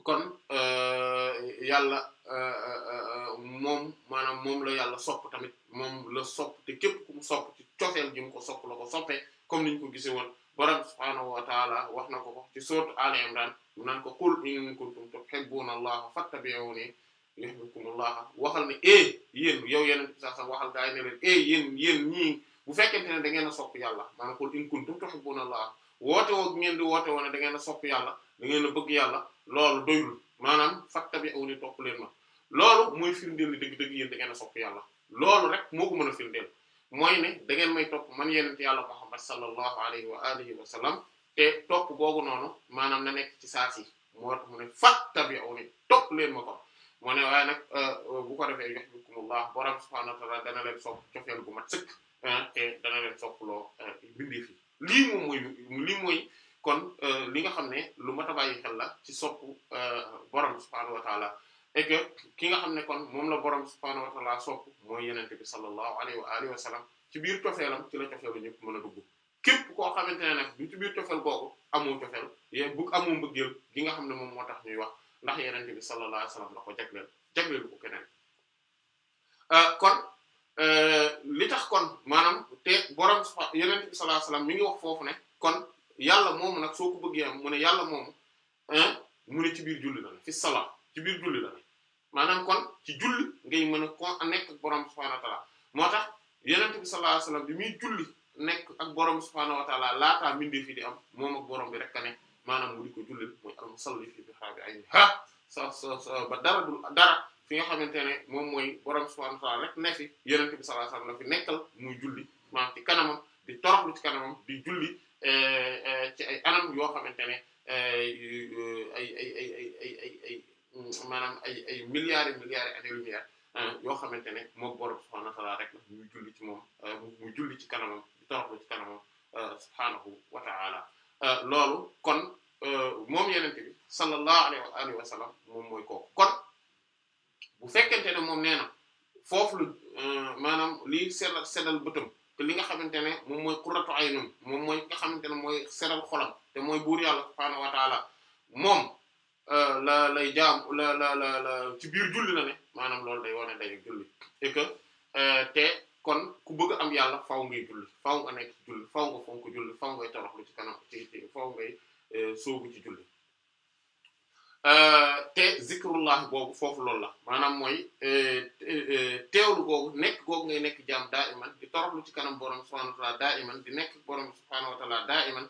kon euh, yàlla euh, euh, moom maanaam moom la yàlla sopp tamit moom la sopp te képp ku mu sopp ci cofeel gi ko sopp la ko soppee comme ni ñu ko gisee woon borom subhaanahu wa wax na ko ko ci sourate Al Imran mu naan ko qul in kuntum tuhibbuna allaha fattabi'uni yuhibbukum allah waxal ne eh, yéen yow yeneen bi sax sax waxal gaa yi eh, bu fekkente ne da ngeen a yàlla maanaam qul in kuntum tuhibbuna allah woote woo ngeen di woote woon da ngeen a sopp yàlla da ngeen a bëgg yàlla loolu doyul maanaam fattabi'uuni topp leen ma loolu mooy firndeel ni dëgg-dëgg yéen da ngeen a sopp yàlla loolu rek moo ko mën a firndeel mooy ne da ngeen may topp man yenent yàlla muhammad sallallahu alayhi wa alihi wa sallam te topp googu noonu maanaam na ci saas yi moo tax mu ne fattabi'uuni topp leen ma ko moo ne waaye nag euh, euh, bu ko defee yuhibbukumullah borom subhaanahu wa ta'aala dana leen sopp cofeel gu mat sëkk te dana leen sopp loo euh, bindee lii mooy kon euh, li nga xam ne lu mat a bàyyi xel la ci sopp euh, borom subhaanahu wa taala ki nga xam ne kon moom la borom subhaanahu wa taala sopp mooy yenente bi sallallahu alayhi wa alihi ci biir cofeelam ci la cofeelu ñëpp mën a dugg képp koo xamante ne nag du ci biir cofeel googu amoo cofeel ye bu amoo mbëggeel gi nga xam ne moom moo tax ñuy wax ndax yenente bi sallallahu alayhi wa sallam la ko jagleel jagleel ko keneen euh, kon li tax kon maanaam te borom yenente bi sallallahu alayhi wa foofu ne yàlla moomu nag soo ko bëggee am mu ne yàlla moomu mu ne ci biir julli la ne fi salaam ci biir julli la ne maanaam kon ci julli ngay mën a kon nekk ak borom subhaanahu wa taala moo tax yonent bi sallallahu bi muy julli nekk ak borom subhaanahu wa taala laataa mbindee fi di am moom ak borom bi rek a ne maanaam mu di ko jullil mooy al-musalli fii bihaa bi aynihaa sa ba dara du dara fi nga xamante ne moom mooy borom subhaanahu wa ne fi yonent bi sallallahu la fi nekkal muy julli maanaam ci kanamam di toroxlu ci kanamam di julli. ci ay anam yoo xamante ne ay ay ay ay ay ay ay maanaam ay ay milliards et milliards et années-lumière ah, yoo xamante ne moom borom subhaanahu wa ta'aala rek la muy julli ci moom ah, muy julli ci kanamam di toroxlu ci kanamam ah, subhaanahu kon moom yenente bi sallallahu alayhi wa alihi wa sallam moom mooy kooku kon bu fekkente ne moom nee na foofu la maanaam lii seddal li nga xamante ne moom mooy qurratu aynum moom mooy nga xamante ne mooy seral xolam te mooy buur yàlla subhaanahu wa taala moom euh, la lay jaam la la la la ci biir ne maanaam loolu day wane day julli et euh, te kon ku bëgg am yàlla faw ngay julli faw nga nekk ci julli faw nga fonk julli faw ngay toroxlu ci kanam faw ngay euh, soobu ci julli Euh, te zikrullah googu foofu loolu la maanaam mooy euh, euh, teewlu googu nekk googu ngay nekk jaam daa iman di toroxlu ci kanam borom subhanahu wa ta'ala daa iman di nekk borom subhanahu wa ta'ala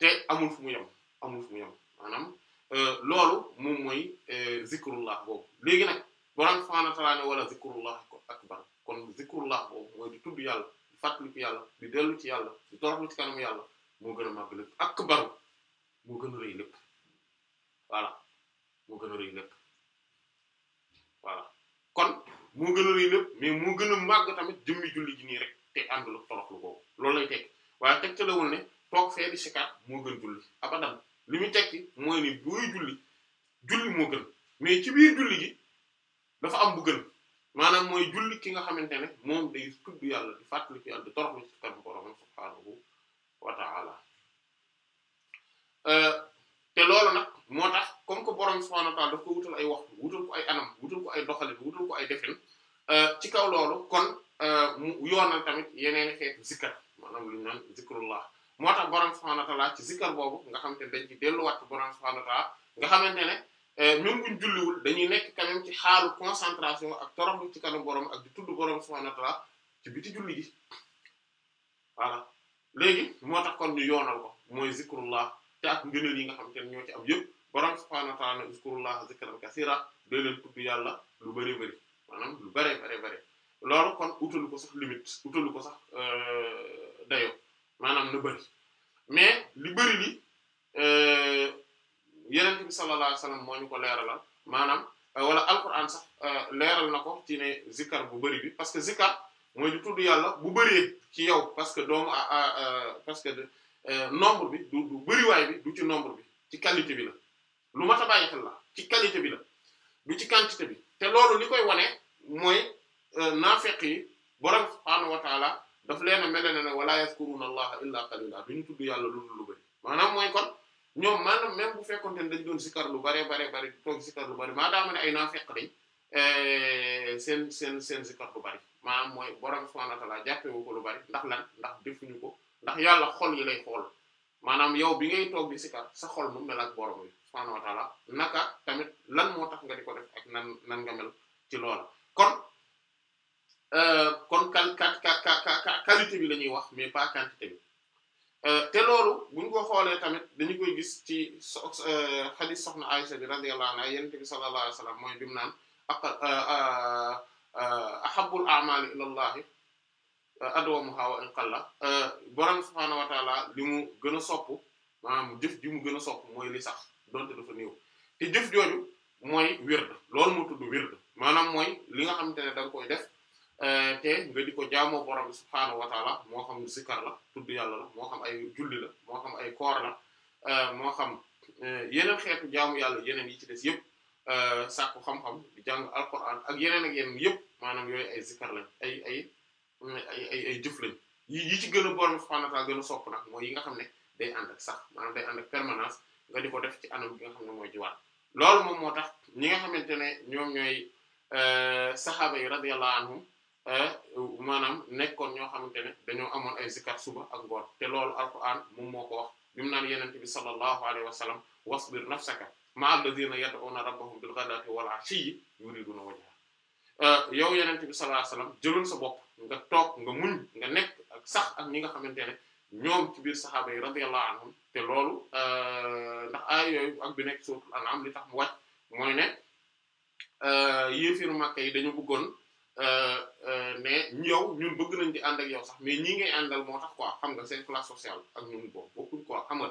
te amul fu mu yem amul fu mu yem maanaam loolu moom mooy zikrullah googu léegi nag borom subhanahu wala zikrullah akbar kon zikrullah boobu mooy di tudd yàlla di fàttaliku yàlla di dellu ci yàlla di toroxlu ci kanam yàlla moo gën a màgg lépp akbar moo gën a moo gën a rëy lépp voilà kon moo gën a rëy lépp mais moo gën a màgg tamit jëmmi julli ji nii rek te àndul loolu lay tekki waaye teg ca lawul ne toog moo gën julli li muy tekki mooy ni buy julli julli moo gën mais ci biir julli gi dafa am bu gën maanaam mooy julli ki nga xamante ne moom day tudd yàlla di fàttali ko yàlla di toroxlu ci kanam borom subhaanahu wa ta'ala euh, te loolu nag moo tax comme que borom subhaanahu wa ta'aala daf ko wutal ay waxtu wutal ko ay anam wutal ko ay doxalin wutal ko ay defin euh, ci kaw loolu kon euh, mu yoonal yeneen xeetu zikkar maanaam lu ñu naan zikrullah moo tax borom subhaanahu wa ta'aala ci boobu nga xamante ne dañ ci delluwaat ci borom subhaanahu wa nga xamante ne euh, même buñ dañuy nekk quand même xaalu concentration ak toroxlu ci kanam borom ak di tudd borom ci biti julli gi léegi moo kon ñu yoonal ko mooy zikrullah te ak ngëneel yi nga xam ne ñoo ci ab yëpp. borom subhaanahu wa ta'aala uskurullaha zikran kasiira doo leen tudd yàlla lu bari bari maanaam lu bari bari bari loolu kon utalu ko sax limite utalu ko sax euh, dayo maanaam na bari mais li bari li euh, yonent bi sallallahu alayhi wasallam ñu ko leeralal maanaam euh, wala alquran sax leeral na ko ci ne zikar bu bëri bi parce que zikar mooy di tudd yàlla bu bëree ci yow parce que doomu parce que nombre bi du du bariwaay bi du ci nombre bi ci qualité bi la lu mata a xel la ci qualité bi la du ci quantité bi te loolu li koy wane mooy euh, naafeq yi borom subhaanahu wa taala daf leen a mel ne wala yazkuruna allaha illa qalila du ñu tudd yàlla lu lu bari maanaam mooy kon ñoom maanaam même bu fekkoon ne dañ doon zikar lu bare bare bare toog zikar lu bari maadaama ne ay naafeq lañ euh, seen seen seen zikar lu bari maanaam mooy borom subhaanahu wa taala jàppewu ko lu bari ndax la ndax defuñu ko ndax yàlla xol yi lay xool maanaam yow bi ngay toog di zikar sa xol mu mel ak borom yi subhaanahu wa taala naka tamit lan moo tax nga di ko def ak nan nan nga mel ci loola kon euh, kon kan qualité bi la ñuy wax mais pas quantité bi euh, te loolu buñ ko xoolee tamit dañu koy gis ci so xadis euh, soxna Aisha bi radiyallahu anha yonent bi sallallahu alayhi wasallam mooy bi mu naan ahabbul a'mali ila llahi adwamuha wa in qalla borom subhaanahu wa mu gën a sopp maanaam jëf ji mu gën a sopp mooy li sax donte dafa néew te jëf jooju mooy wird loolu moo tudd wird maanaam mooy li nga xamante ne da koy def euh, te nga di ko jaamoo borom bi subhaanahu wa moo xam yàlla la moo xam ay julli la moo xam ay koor la euh, moo xam euh, yeneen xeetu jaamu yàlla yeneen yi ci des yëpp sàkku xam-xam di jàng alquran ak yeneen ak yeneen yëpp maanaam yooy ay zikkar lañ ay ay ay ay ay jëf lañ yi ci gën a borom bi subhaanahu a sopp nag mooy yi nga xam ne day ànd ak sax maanaam day ànd ak permanence nga di ko def ci anam bi nga xam ne mooy jiwaat loolu moom moo tax ñi nga xamante ne ñoom ñooy euh, saxaaba yi radiyallahu anhum euh, maanaam nekkoon ñoo xamante ne dañoo amoon ay zikar suba ak ngoon te loolu alquran moom moo ko wax bi mu naan yenente bi sallallahu alayhi wa sallam wasbir nafsaka ma'a alladhina yad'una rabbahum bil ghadati wal 'ashiyyi yuriduna wajha euh, yow yenente bi sallallahu alayhi wa sallam jëlul sa bopp nga toog nga muñ nga nekk ak sax ak ñi nga xamante ne ñoom ci biir saxaaba yi radiyallahu anhum te loolu euh, ndax aay yooyu ak bi nekk suuratul an'am li tax mu wàcc mooy ne euh, yéefiru Makka yi dañu bëggoon euh, ne yow ñun bëgg nañ di ànd ak yow sax mais ñi ngay àndal moo tax quoi xam nga seen classe sociale ak ñun boobu bokkuñ quoi xam nga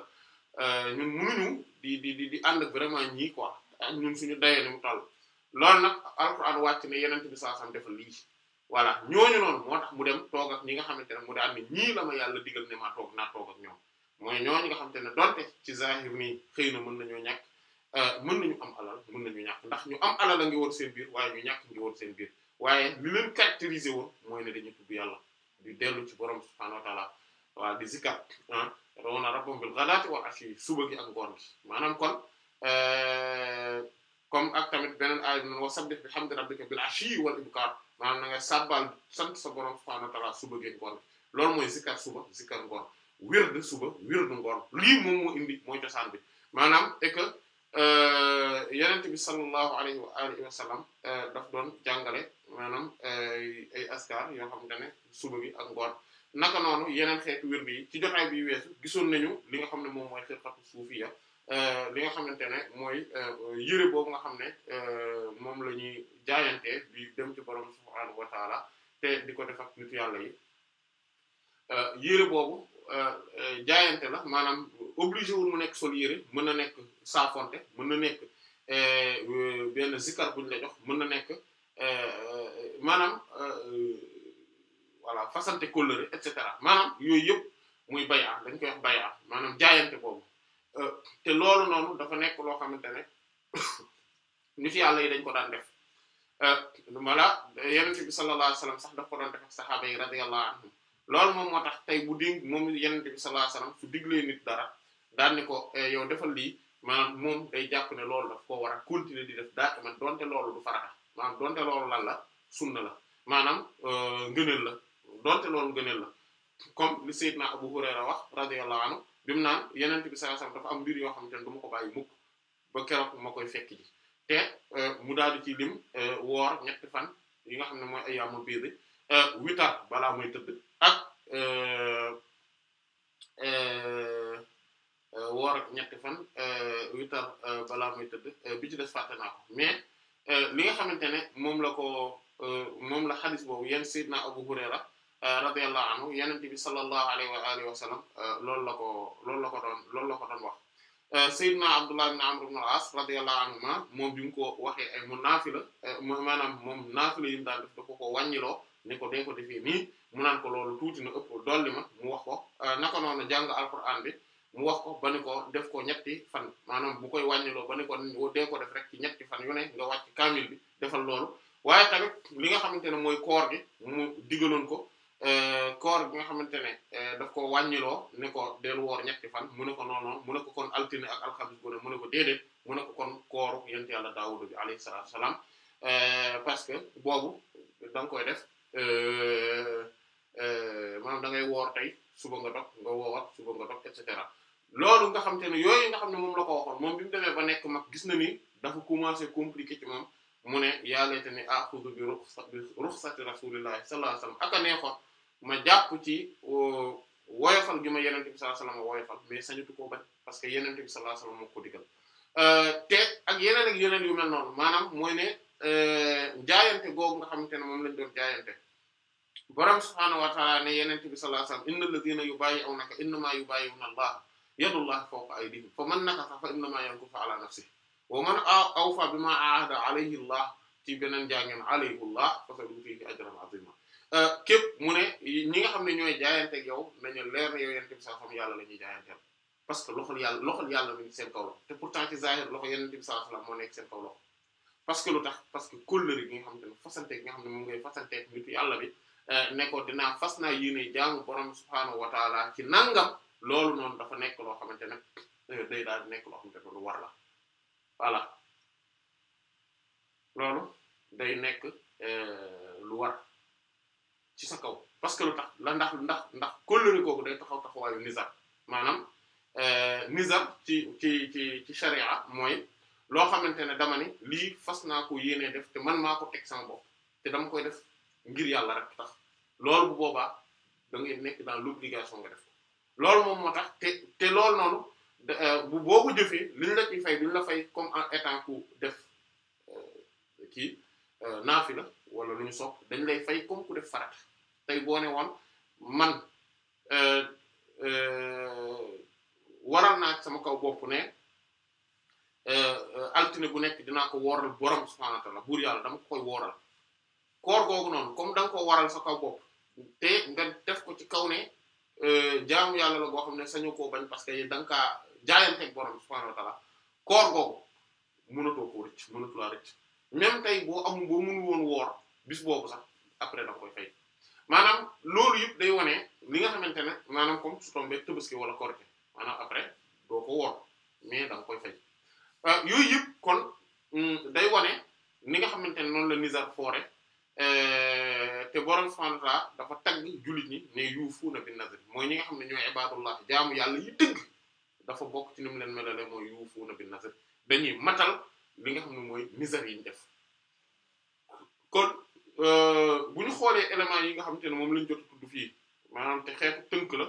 ñun mënuñu di di di di ànd vraiment ñii quoi ak ñun suñu dayoo ni mu toll loolu nag alxuraan wàcc ne yeneen bi saa sam defal lii. voilà ñooñu noonu moo tax mu dem toog ñi nga xamante ne mu daal ni ñii la ma yàlla digal ne maa toog naa toog ak ñoom mooy ñooñu nga xamante ne donte ci zahir nii xëy na mën nañoo ñàkk euh, mën nañu am alal mën nañu ñàkk ndax ñu am alal a ngi woon seen biir waaye ñu ñàkk ngi woon seen biir waaye li leen caractériser woon mooy ne dañu tudd yàlla di dellu ci borom subhaanahu wa ta'ala waaw di zikar ah rawana rabbum bil ghadati wa ashi suba gi ak ngoon gi maanaam kon euh, comme ak tamit beneen aaya bi noonu wa sabbih bihamdi rabbika bil ashi wal ibkar maanaam na nga sabbal sant sa borom subhanahu wa suba géen ngoon loolu mooy zikkar suba zikkar ngoon wird suba wird ngoon lii moom moo indi mooy cosaan bi maanaam et que euh, yenente bi sallallahu alayhi wa alihi wa euh, daf doon jàngale maanaam euh, ay askar yoo xamante ne suba bi ak ngoon naka noonu yeneen xeetu wird yi ci jotaay bi weesu gisoon nañu li nga xam ne moom mooy xirqatu suufiya Euh, li nga xamante ne mooy euh, yëre boobu nga xam ne euh, moom la ñuy jaayante bi dem ci borom subhaanahu wa te di ko def ak nitu yàlla yi yëre boobu jaayante la maanaam obligé wul mu nekk sol yëre mën na nekk saafonte mën na nekk benn zikar buñ la jox mën na nekk maanaam voilà fasante kóllëre et cetera maanaam yooyu yëpp muy bayaa dañ koy wax bayaa maanaam jaayante boobu Euh, te loolu noonu dafa nekk loo xamante ne *coughs* nit yàlla yi dañ ko daan def euh, mala yenent bi sallallahu alayhi wasallam sax daf ko doon def ak saxaaba yi radiyallahu anhum loolu moom moo tax tey bu ding moom yenent bi sallallahu alayhi su diglee nit dara daan ni ko eh, yow defal lii maanaam moom day jàpp ne loolu la koo war a continuer di def daa man donte loolu du farata maanaam donte loolu lan la sunna la maanaam euh, ngëneel la donte loolu ngëneel la comme li Seydina bi mu yeneen bi sallallahu alayhi wasallam am mbir yoo xamante ne du ma ko bàyyi mukk ba keroog ma koy fekk ji te euh, mu daal di ci lim euh, woor ñetti fan yi nga xam ne mooy ayyamu biir euh, witar balaa mooy tëdd ak woor ñetti witar balaa mooy tëdd bi ci des fàtte naa mais li nga xamante ne moom la ko moom la xadis boobu na Seydina Abu Hurayra Euh, radiyallahu anhu yenente bi sallallahu alayhi wa alihi wa sallam euh, loolu la ko loolu la ko doon loolu la ko doon wax euh, Seydina Abdullah ibn Amr ibn al-As radiyallahu anhuma moom bi mu ko waxee ay mu naafila mo moom naafila yi mu daan def ko ko wàññiloo ni ko dee ko defee nii mu naan ko loolu tuuti na ëpp dolli ma mu wax ko naka noonu jàng alquran bi mu wax ko ba ni ko def ko ñetti fan maanaam bu koy wàññiloo ba ni ko dee ko def rek ci ñetti fan yu ne nga wàcc kaamil bi defal loolu waaye tamit li nga xamante ko Euh, koor bi nga xamante ne euh, daf ko wàññiloo ne ko dellu woor ñetti fan mu ne ko noon noonu mu ne ko kon altine ak alxamis bu ne mu ne ko déedéet mu ne ko kon kooru yent yàlla daawuda bi alayhi salaatu euh, parce que boobu da nga koy def maanaam da ngay woor tey suba nga dog nga woowat suba nga dog et cetera loolu nga xam te ne yooyu nga xam ne moom la ko moom bi mu demee ba nekk mag gis na ni dafa commencé compliqué ci mu ne yaa laytani axudu bi ruxsati rasulillahi sallallahu alayhi wasallam ak a neexoon ma jàpp ci woyofal gi ma yenente bi sallallahu alayhi wasallam woyofal mais sañatu koo bañ parce que yenente bi sallallahu alayhi wasallam moo digal euh, te ak yeneen ak yeneen yu mel noonu maanaam mooy ne euh, jaayante googu nga xamante ne moom lañ doon jaayante borom subhaanahu wa ta'ala ne yenente bi sallallahu alayhi wasallam innal ladhina yubayyi'unaka innama yubayyi'una Allah yadullahi fawqa aydihim faman nakatha fa innama yankufu ala nafsihi wa man awfa bima ahada alayhi Allah ci beneen jàngeen alayhi Allah fasaduutihi Euh, képp mu ne ñi nga xam ne ñooy jaayante ak yow nañu leer na yow yonent bi sallallahu alayhi yàlla la ñuy jaayanteel parce que loxol yàlla yàlla mi ngi seen kaw loxo te pourtant ci zahir loxo yonent bi parce que lu tax parce que kóllëre gi nga xam te ne fasante gi nga xam ne moom ngay fasante ak nitu yàlla bi euh, ne ko dinaa fas naa yéene jaamu borom subhaanahu wa taala ci nangam loolu noonu dafa nekk loo xamante ne euh, day daal di nekk loo xamante ne lu war la voilà loolu day nekk lu war. ci sa kaw parce que lu tax la ndax ndax ndax kóllëre kooku day taxaw taxawaayu nizar maanaam euh, nizar ci ci ci ci sharia mooy loo xamante ne dama ni lii fas naa ko yéenee def te man maa ko teg sama bopp te dama koy def ngir yàlla rek tax loolu bu boobaa da ngay nekk dans l'obligation nga def loolu moom moo tax te te loolu noonu euh, bu boo ko jëfee liñ la ci la fay comme en étant ku def euh, kii naafila wala lu ñu sopp dañ lay fay comme ku def farata tey boo ne woon man euh, euh, waral naa sama kaw bopp ne euh, altine bu nekk dinaa ko wooral borom subhaanahu wa ta'aala buur yàlla dama ko koy wooral koor googu noonu comme da nga ko waral sa kaw bopp te def ko ci kaw ne jaam yàlla la goo xam ne sañu koo bañ parce que da nga kaa jaayanteeg borom subhaanahu wa ta'aala koor googu mënatoo koo rëcc mënatulaa rëcc tey boo amul boo mënu woon woor bis boobu sax après da koy fay maanaam loolu yëpp day wane li nga xamante ne maanaam comme su tombé Tabaski wala Korité maanaam après doo ko woor mais da nga koy fay euh, yooyu yëpp kon mm, day wane ni nga xamante ne noonu la Nizar foore euh, te borom subhanahu wa ta'ala dafa tagg jullit ñi ne yuufuuna bin nazr mooy ñi nga xam ne ñooy ibadullah jaamu yàlla yi dëgg dafa bokk ci ni leen melale mooy yuufuuna bin nazr dañuy matal li nga xam ne mooy Nizar yi def kon. Euh, bu ñu xoolee éléments yi nga xamante ne moom lañ jot a tudd fii maanaam te xeetu tënk la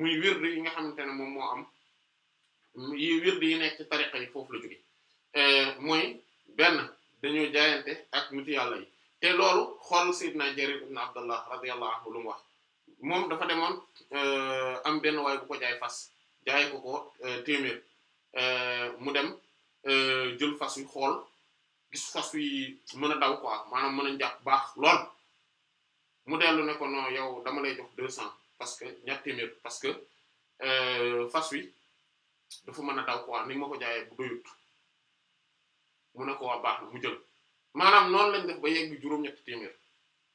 muy wird yi nga xamante ne moom moo am yi wird yi nekk ci tariqa yi foofu la jóge euh, mooy benn dañoo jaayante ak nitu yàlla yi te loolu xool Seydina Jarir ibn Abdallah radiyallahu anhu lu mu wa moom dafa demoon euh, am benn waay bu ko jaay fas jaay ko ko téeméer mu dem jël fas yu xool gis fas wi mën a daw quoi maanaam mën a jàpp baax lool mu dellu ne ko non yow dama lay jox deux cents parce que ñaar téeméer parce que euh, fas wi dafa mën a daw quoi ni ma ko jaayee bu doyut mu ne waa baax na mu jël maanaam noonu lañ def ba yegg juróom-ñetti téeméer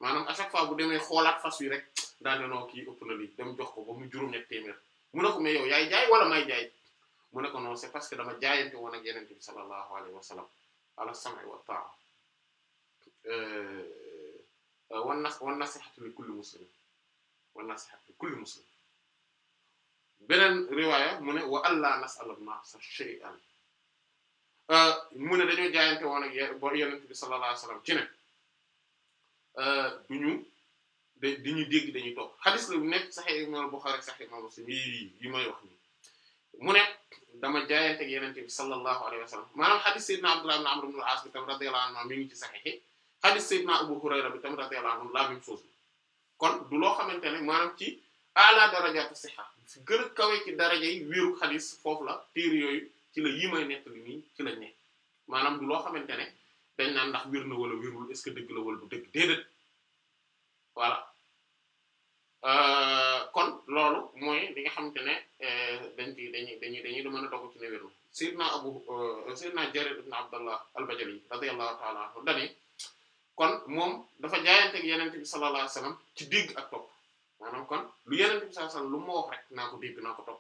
maanaam a chaque fois bu demee xoolaat fas wi rek daane noo kii ëpp na lii dem jox ko ba mu juróom-ñetti téeméer mu ne ko mais yaay jaay wala may jaay mu ne ko non c'est parce que dama jaayante على السمع والطاعة والنصيحة لكل مسلم والنصيحة لكل مسلم beneen riwaaya mu ne wa allah nas'al nafsa shay'an mu ne dañoo jaayante woon ak yonent bi sallallahu alayhi wasallam ci ne duñu da dañuy dégg dañuy toog xadis la bu nekk Sahih Imam Bukhari Sahih Imam Muslim yi yi may wax nii mu ne dama jaayante ak yenente bi sallallahu alayhi wa sallam maanaam xadis sayyidina Abdullah ibn Amr ibn al-As bi tam radiyallahu anhu mi ngi ci saxiix yi xadis sayyidina Abu Hurayra bi tam radiyallahu anhu la kon du loo xamante ne maanaam ci ala darajatu si gën a kawe ci daraja yi wéeru xadis foofu la téere yooyu ci la yii may nekk li nii ci lañ ne maanaam du loo xamante ne dañ naan ndax wér na wala wérul est-ce que dëgg la wala du dëgg déedéet voilà euh, loolu mooy li nga xamante ne euh, dañ ci dañuy dañuy dañuy da mën a dogu ci ne wéru Seydina Abu euh, Seydina Jarir ibn Abdallah al-Bajali radiyallahu ta'ala anhu dani kon moom dafa jaayante ak yenente bi sallallahu alayhi wasallam ci dégg ak topp maanaam kon lu yenente bi sallallahu alayhi wasallam lu mu wax rek naa ko dégg naa ko topp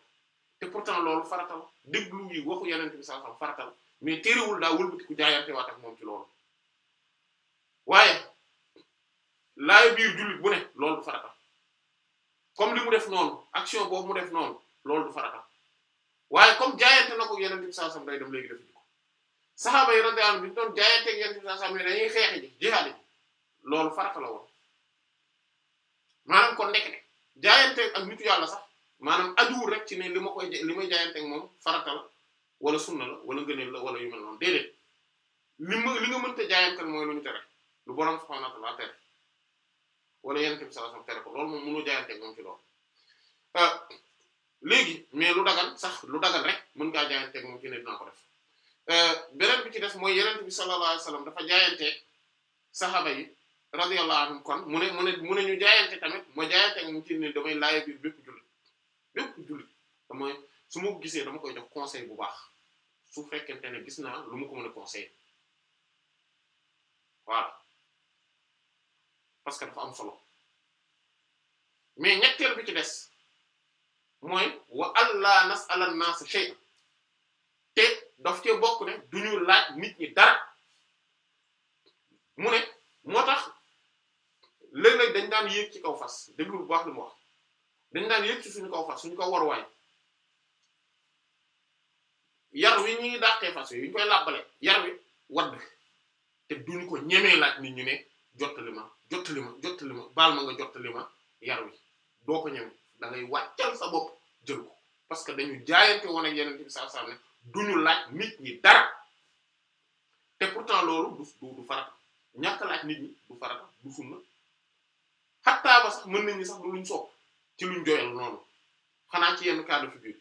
te pourtant loolu faratal déglu yi waxu yenente bi sallallahu alayhi wasallam faratal mais téerewul daa wëlbati ku jaayante waat ak moom ci loolu waaye laay biir jullit bu ne loolu du farata comme li mu def noonu action boobu mu def noonu loolu du farata waaye comme jaayante na ko yonent bi sallallahu alayhi wasallam day dem léegi def ko saxaaba yi radiyallahu anhum bi ñu doon jaayante ak yonent bi sallallahu alayhi wasallam ji jihaad loolu farata woon maanaam kon ndekete jaayante ak nitu yàlla sax maanaam ajuwul rek ci ne li ma koy li may jaayante ak moom farata la wala sunna la wala ngëneel la wala yu mel noonu li ma li nga mënta jaayante mooy lu ñu tere lu borom subhaanahu wa ta'aala tere wala yenn bi sallallahu alayhi wasallam tere ko loolu moom mënoo jaayante moom ci loolu ah, léegi mais lu dagal sax lu dagal rek mën ngaa jaayante moom ci ne dinaa ko def ah, beneen bi ci def mooy yeneen bi sallallahu alayhi wasallam dafa jaayante saxaaba yi radiyallahu anhum kon mu ne mu ne mu ne ñu jaayante tamit mooy jaayante mu ci ne damay laaj biir bépp jullit bépp jullit damay su ma gisee dama koy jox conseil bu baax su fekkente ne gis naa lu ma ko mën a conseil voilà parce que dafa am solo mais ñetteel bi ci des mooy wa allah nasala naasa shay'an te daf cee bokk ne du ñu laaj nit ñi dara mu ne moo tax léeg-léeg dañ daan yéeg ci kaw fas déglu bu baax li mu wax dañ daan yéeg ci suñu kaw fas suñu kaw waruwaay yar wi ñuy dàqee fas wi ñu koy làbbale yar wi wadd te duñu ko ñemee laaj nit ñu ne jottali ma jottali ma jottali ma baal ma nga jottali ma yar wi doo ko ñeme da wàccal sa bopp jël ko parce que dañu jaayante woon ak yeneen bi saa saa ne duñu laaj nit ñi dara te pourtant loolu du du farata ñàkk laaj nit ñi du farata du sunna xattaa ba sax mën nañ sax luñ sopp ci luñ joyal noonu xanaa ci yenn cas de figure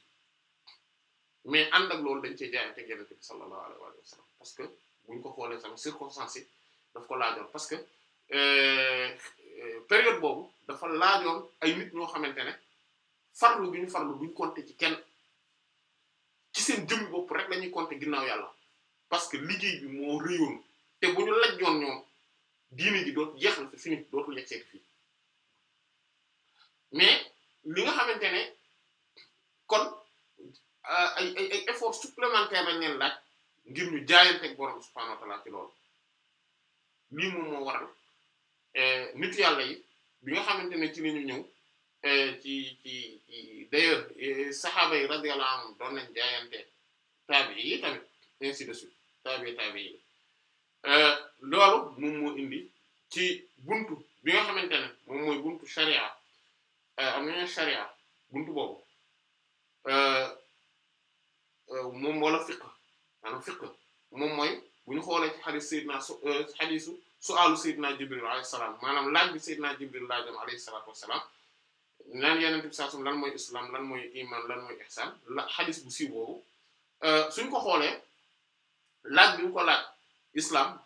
mais ànd ak loolu dañ cee jaayante ak yeneen bi sallallahu alayhi wa parce que buñ ko xoolee sama circonstance daf ko laajoon Euh, euh, période boobu dafa laajoon ay nit ñoo xamante ne farlu bi ñu farlu buñ compter ci kenn ci seen jëm bopp rek lañuy compter ginnaaw yàlla parce que liggéey bi moo réyoon te bu ñu lajjoon ñoom diine ji dootu jeex na fi fini dootul yegg seeti fii mais li nga xamante ne kon euh, ay ay ay effort supplémentaire lañ leen laaj ngir ñu jaayanteeg borom subhaanahu wa ta'aala loolu lii moom moo waral. Euh, nit yàlla yi bi nga xamante ne ci la ñëw euh, ci ci ci euh, saxaaba yi radiyallahu anhum doon nañ jaayante taabi yi tamit ainsi de suite taabi taabi yi loolu moom moo indi ci buntu bi nga xamante ne moom mooy buntu sharia am nañu boobu moom wala fiqh maanaam fiqh moom mooy bu ñu xoolee ci xadis sayyidina xadisu su alu sayyidina Jibril alayhi salaam maanaam laaj bi sayyidina Jibril laajoon alayhi salaatu wassalaam naan yenente bi saasam lan mooy islam lan mooy iman lan mooy ihsan la xadis bu si boobu euh, suñ ko xoolee laaj bi mu ko laaj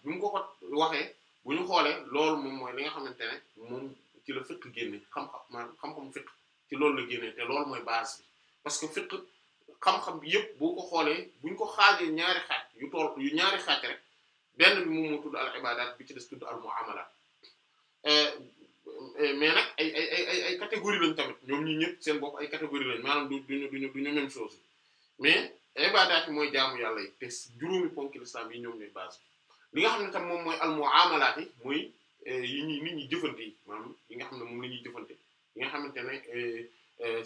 bi mu ko ko waxee bu ñu xoolee loolu moom mooy li nga xamante ne moom ci la fiqh génne xam-xam maanaam xam-xam fiqh ci loolu la génne te loolu mooy base bi parce que fiqh xam-xam bi yëpp boo ko xoolee buñ ko xaajee ñaari xaaj yu tool yu ñaari xaaj rek benn bi moom moo tudd al ibadat bi ci des tudd al muamalat eh, eh, mais ay ay ay ay ay catégorie lañ tamit ñoom ñi ñëpp seen bopp ay catégorie lañ maanaam du duñu duñu duñu même chose mais ibadat yi mooy jaamu yàlla yi te juróomi ponk l'islam yi ñoom ñooy base li nga xam ne tam moom mooy al muamalat yi mooy eh, yi ñuy nit ñi jëfante yi yi nga xam ne moom la ñuy jëfante yi nga xamante ne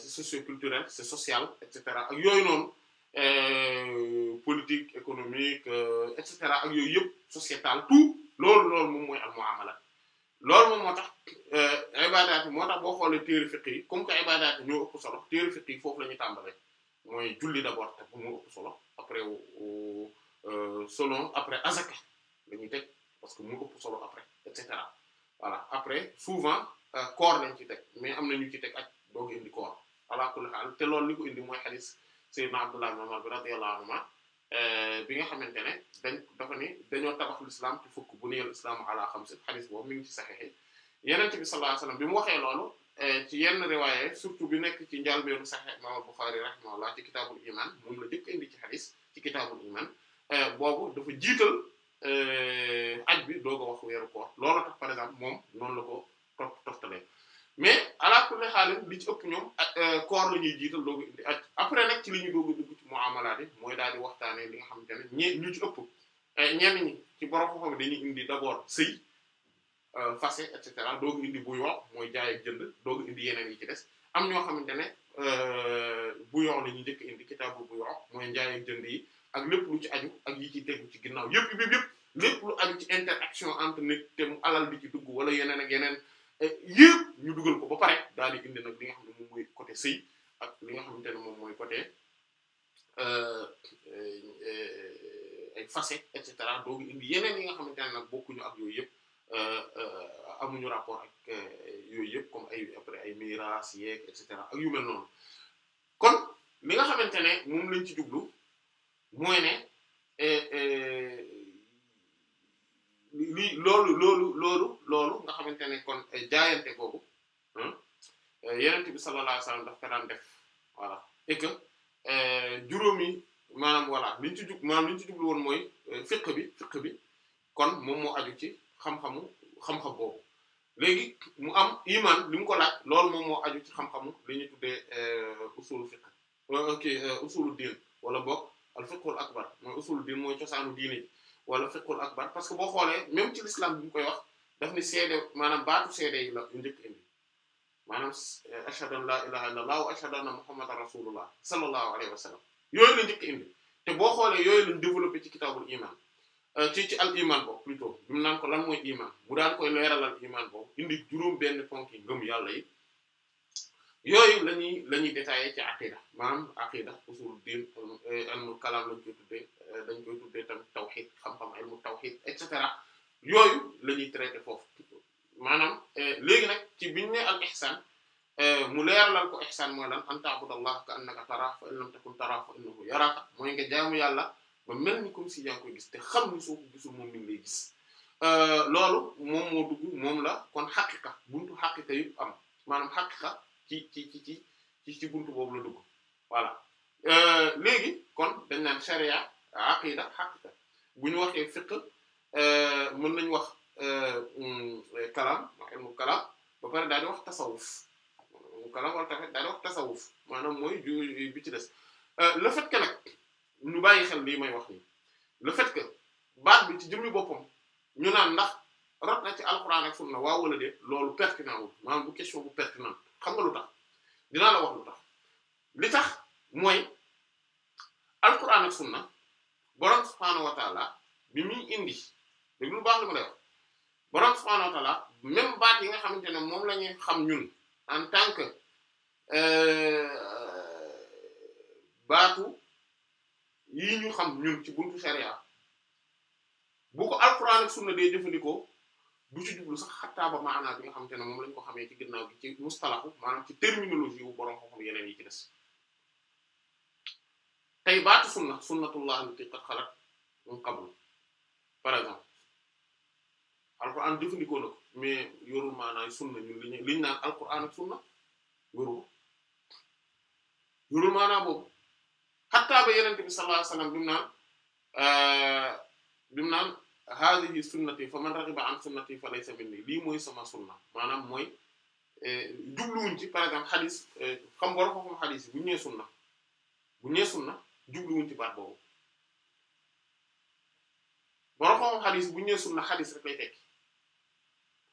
c'est socioculturel se social et cetera ak yooyu Euh, politique économique euh, et cetera ak yooyu yëpp sociétal tout loolu loolu moom mooy al muamala loolu moom moo tax euh, ibadaat yi moo tax boo xoolee téere fiqh yi comme que ibadaat yi ñoo ëpp solo téere fiqh yi foofu la ñu tàmbalee mooy julli d'abord te bu moo ëpp solo après solo après azaka la ñuy teg parce que mu ëpp solo après et cetera voilà après souvent koor nañ ci teg mais am na ñu ci teg ak doog indi koor ala kulli haal te loolu li ko indi mooy xadis sayyidna Abdullah ibn Umar bi radiyallahu anhuma euh, bi nga xamante ne dañ dafa ni dañoo tabax l'islam ci fukk bu niyal islam ala xamsin xadis boobu mi bi mu waxee loolu euh, ci yenn riwaaye surtout bi nekk ci njàlbeenu saxex imam Bukhari rahimahullah ci kitaabul iman moom la jëkk indi ci xadis ci kitaabul iman euh, boobu dafa jiital aj bi dooga wax weeru koor loolu tax par exemple moom noonu la ko topp toftale mais ala kulli xaalis li ci ëpp ñoom ak koor euh, la ñuy jiital indi ak après nag ci li ñu doog a dugg yi mooy daal di waxtaanee li nga xamante ne ñee ñu ci ëpp euh, ñenn ñi ci borom ko xam dañuy indi d'abord sëy euh, fase et cetera doogu indi buy mooy jaay ak jënd doogu indi yeneen yi ci des am ñoo xamante ne buy wax la ñuy njëkk indi kitaabu buy wax mooy njaay ak jënd yi ak lépp lu ci aju ak yi ci tegu ci ginnaaw yëpp yëpp yëpp lépp lu aju ci interaction entre nit te alal bi ci dugg wala yeneen ak yeneen yëpp ñu dugal ko ba pare daal di indi nag li nga xam ne moom mooy côté sëy ak li nga xamante ne moom mooy côté euh, ay facette yi nga xamante ne nag ak yooyu yëpp euh, euh, amuñu rapport ak yooyu yëpp comme ay ay miras yeeg ak yu mel noonu ne moom lañ ci jublu mooy ne li loolu loolu loolu loolu jaayante googu hmm, eh, yenent bi sallallahu alayhi wasallam daf ko def voilà et que eh, juróomi maanaam voilà liñ ci jug maanaam liñ ci jublu woon mooy eh, fiqh bi fiqh bi kon moom moo aju ci xam-xamu xam-xam boobu léegi mu am iman li ko laaj loolu moom moo aju ci xam-xamu ñuy tuddee usulu fiqh ok usulu diin wala boog al fiqhul akbar mooy usulu diin mooy cosaanu diine ji wala fiqhul akbar parce que boo xoolee même ci l'islam bi koy wax daf ni seede maanaam baatu seede yi la njëkk indi maanaam eh, ashhadu an la ilaha illallah wa ashhadu anna muhammadan rasulullah sallallahu alayhi wa yooyu la njëkk indi te boo xoolee yooyu lañ développé ci kitaabul iman eh, ci ci al iman boobu plutôt bi mu naan ko lan mooy iman bu daan koy leeralal iman boobu indi juróom benn ponk yi ngëm yàlla yi yooyu la ñuy la ñuy détaillé ci aqida maanaam aqida usul diin ilmul eh, kalaam lañ koy tuddee dañ koy tuddee tamit tawxid xam-xam ilmu tawxid et yooyu la ñuy traité foofu maanaam eh, léegi nag ci biñ ne al ihsan eh, mu laal ko ihsan mooy lan an ta'budallah ka annaka tarahu fa in lam takun tarahu fa innahu yaraka mooy nga jaamu yàlla ba mel ni comme si yaa koy gis te xam ni soo ko gisul moom mi ngi lay gis eh, loolu moom moo dugg moom la kon xaqiqa buntu xaqiqa yëpp am maanaam xaqiqa ci ci ci ci ci ci buntu boobu la dugg voilà léegi kon dañ naan sharia aqida xaqiqa bu ñu waxee fiqh Euh, mën nañu wax euh, um, kalaam ilmu kalaam ba pare daal di wax tasawuf ilmu kalaam wala tamit daal di wax tasawuf maanaam mooy bi ci des euh, le fait que nag ñu bàyyi xel lii may wax nii le fait que bi ci jëmmi boppam ñu naan ndax rot na ci alxuraan ak sunna waaw wala de loolu pertinent wul maanaam bu question bu pertinent xam nga lu tax dinaa la wax lu tax li tax mooy alxuraan ak sunna borom subhaanahu wa bi muy indi. dégg lu baax li mu ne wax borom subhaanahu yi nga xamante ne moom lañuy xam ñun en tant que euh, baatu yi ñu xam ñun ci buntu sharia bu ko alquran sunna dee jëfandikoo du ci jublu sax xattaa ba maanaa bi nga xamante ne moom lañ ko xamee ci ginnaaw gi ci mustalahu maanaam ci terminologie wu borom xam yeneen yi ci des tey baatu sunna sunnatullah allati qad xalat min qabl par exemple alquran jëfandikoo na ko mais yorul maanaam sunna ñun li ñu li ñu naan alquran ak sunna yorul yorul maanaam boobu xataa ba bi sallallahu alayhi wasallam bi mu naan euh, bi mu naan fa man raghiba an sunnati fa laysa minni lii mooy sama sunna maanaam mooy euh, jubluwuñ ci par exemple xadis euh, xam borom xam xadis yi bu ñu nee sunna bu ñu nee sunna jubluwuñ ci baat boobu borom xam xadis bu ñu nee sunna xadis rek lay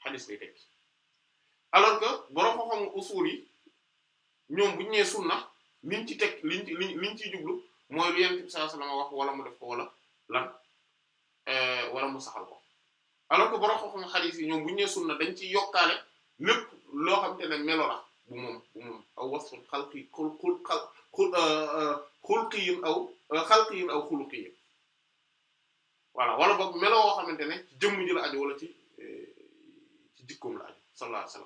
xadis lay tekki alors que borom xam-xamu usul ñoom bu ñu nee liñ ci teg liñ ci liñ ciy jublu mooy lu yonent bi sallallahu wax wala mu def ko wala lan euh, wala mu saxal ko alors que borom xam-xamu yi ñoom bu ñu nee dañ ciy yokkaale lépp loo xam te ne melo la bu moom bu moom aw wasful xalqi xul xul xul euh, euh, xulqiyin aw xalqiyin aw xuluqiyin voilà wala boog meloo woo xamante ne jëmm ji la aju wala ci. jikkoom la aju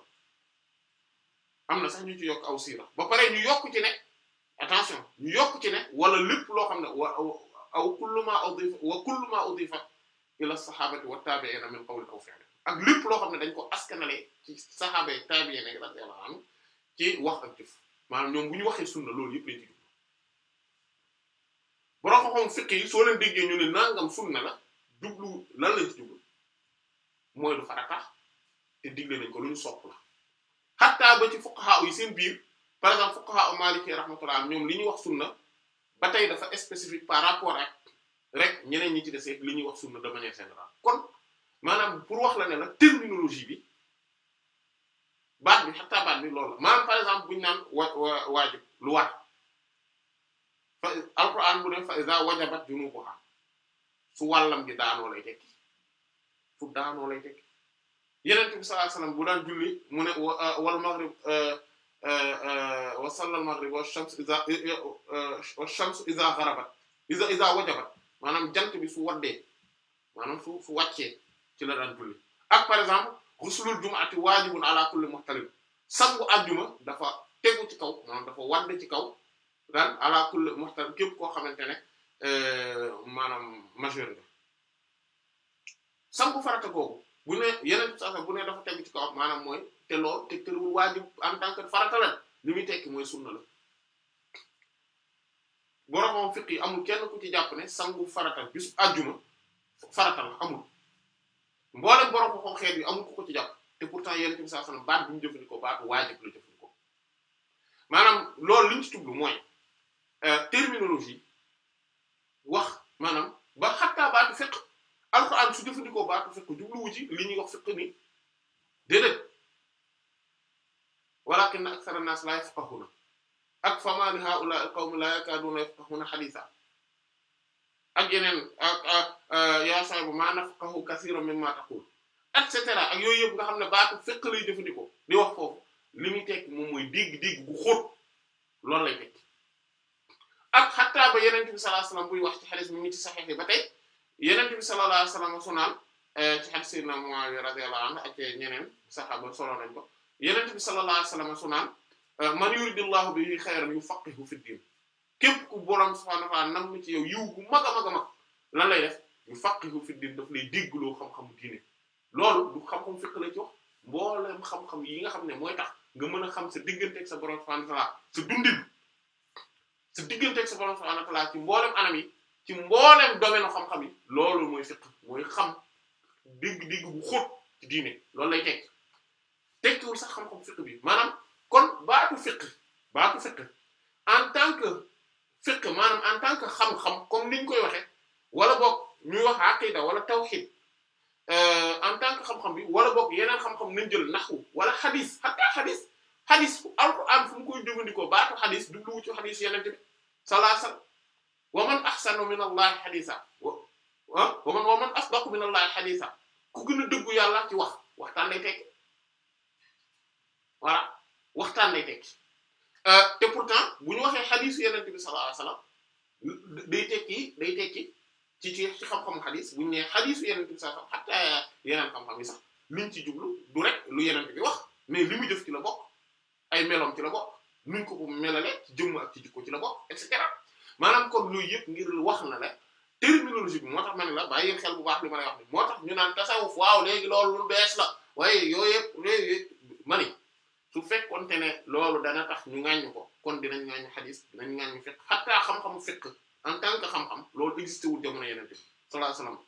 am na sax ñu ci yokk aw siira ba pare ñu yokk ci ne attention ñu yokk ci ne wala lépp loo xam ne wa aw kullu ma udifa wa ma aw fi'lin ak lépp loo xam ne dañ ko askanale ci saxaaba yi tabi'ina radiyallahu anhu ci wax ak jëf maanaam ñoom bu ñu waxee sunna loolu yëpp lañ ci dugg borom xam-xam fiq soo leen déggee ñu ne nangam sunna la jublu lan lañ ci jublu mooy du farata te digle nañ ko lu ñu sopp la xattaa ba ci fuqaha yi seen biir par exemple fuqaha maliki rahmatullah ñoom li ñuy wax sunna ba tey dafa spécifique par rapport ak rek ñeneen ñi ci desee li ñuy wax sunna de manière générale kon maanaam pour wax la ne la terminologie bi baax bi xattaa baat bi loolu la maanaam par exemple buñu naan wa waajib lu war fa alquran bu dem fa iza wajabat su wàllam gi daanoo lay tekki fu daanoo lay tekki yenente bi sallallahu bu daan julli mu ne uh, wal maghrib uh, uh, wa salla al maghrib wa shams iza wa shams iza wajabat maanaam jant bi su waddee maanaam su su ci la daan julli ak par exemple ghuslul jumu'ati wajibun ala kulli muhtalim sangu àjjuma dafa tegu ci kaw maanaam dafa wadde ci kaw daan ala kulli muhtalim képp koo xamante ne maanaam majeur nga sangu farata googu bu ne yeneen bi saa bu ne dafa tegu ci kawam maanaam mooy te lool te tëruwul waajib en tant que farata la li muy tekki mooy sunna la boroom fiq yi amul kenn ku ci jàpp ne sangu farata bisu àjjuma farata la amul mboolem boroom ko yi amul ko ci jàpp te pourtant yeneen bi sax baat bu ñu jëfandikoo baatu waajib la jëfandikoo maanaam loolu li ñu ci tublu mooy euh, terminologie wax maanaam ba xattaa baatu fiq alxuraan su jëfandikoo baatu fiq jubluwu ci li ñuy wax fiq ni déedéet walakinna aksara naas la yafqahuna ak famaani haa'ulaa'i qawmi la yakaaduuna yafqahuna hadiisa ak yeneen ak ak euh, yaa saahibu maa nafqahu kasiiran mimmaa taqul et cetera ak yooyu yëpp nga xam ne baatu fiq lay jëfandikoo di wax foofu li muy tekki moom mooy dégg-dégg gu xóot loolu lay tekki ak xattaa ba yeneen bi sallallahu alayhi wasallam wax ci hadiis mi ngi ci saxiix yi ba tey. yeneen bi sallallahu alayhi wasallam sunaan eh, ci hadith sayyidina ak ñeneen saxaaba solo nañ ko yeneen bi sallallahu alayhi wasallam sunaan eh, man yuridillahu bihi xayran fi diin képp ku borom subhanahu wa ta'ala nam ci yow yiw gu mag a mag a mag lan lay def yufaqihu fi diin daf lay déggloo xam-xamu diine loolu du xam-xam fiqh la ci mboolem xam-xam yi nga xam ne mooy tax nga mën a xam sa digganteek sa borom subhanahu wa ta'ala sa dundin sa digganteeg sa borom subhanahu wa ci mboolem anam yi. ci mboolem domaine xam-xam yi loolu mooy fiqh mooy xam digg-digg bu xóot ci diine loolu lay tekki tekkiwul sax xam-xam fiqh bi maanaam kon baatu fiqh baatu fiqh en tant que fiqh maanaam en tant que xam-xam comme niñ koy waxee wala boog ñuy wax aqida wala tawhid euh, en tant que xam-xam bi wala boog yeneen xam-xam nañ jël naxwu wala xadis hatta xadis xadis alquran fu mu koy jëfandikoo baatu xadis jubluwu ci xadis yeneen tamit salaasa ahsanu min allahi hadisa ah wa man wa man asdaqu min allahi hadisa ku gën a dëggu yàlla ci wax waxtaan lay tekki voilà waxtaan lay tekki euh, te pourtant bu ñu waxee xadisu yenente bi sallallahu a wasallam ci ci ci xam xataa yeneen xam-xam yi sax liñ ci jublu du rek lu yenente bi wax mais li mu jëf ci la bokk ay meloom ci la bokk nuñ ko ko melale ci jëmm ak ci la bokk et cetera maanaam kon luy yëpp ngir wax na la terminologie bi moo tax ma ne la bàyyi xel bu baax lu ma lay wax moo tax ñu naan tasawuf waaw léegi loolu lu bees la waaye yooyu yëpp léegi mani su fekkonte ne loolu dana tax ñu ŋàññu ko kon dinañ ŋàññu xadis dinañ ŋàññu fiqh xataa xam-xamu fiqh en tant que xam-xam loolu existé wul jamono yeneen bi sallallahu alayhi wasallam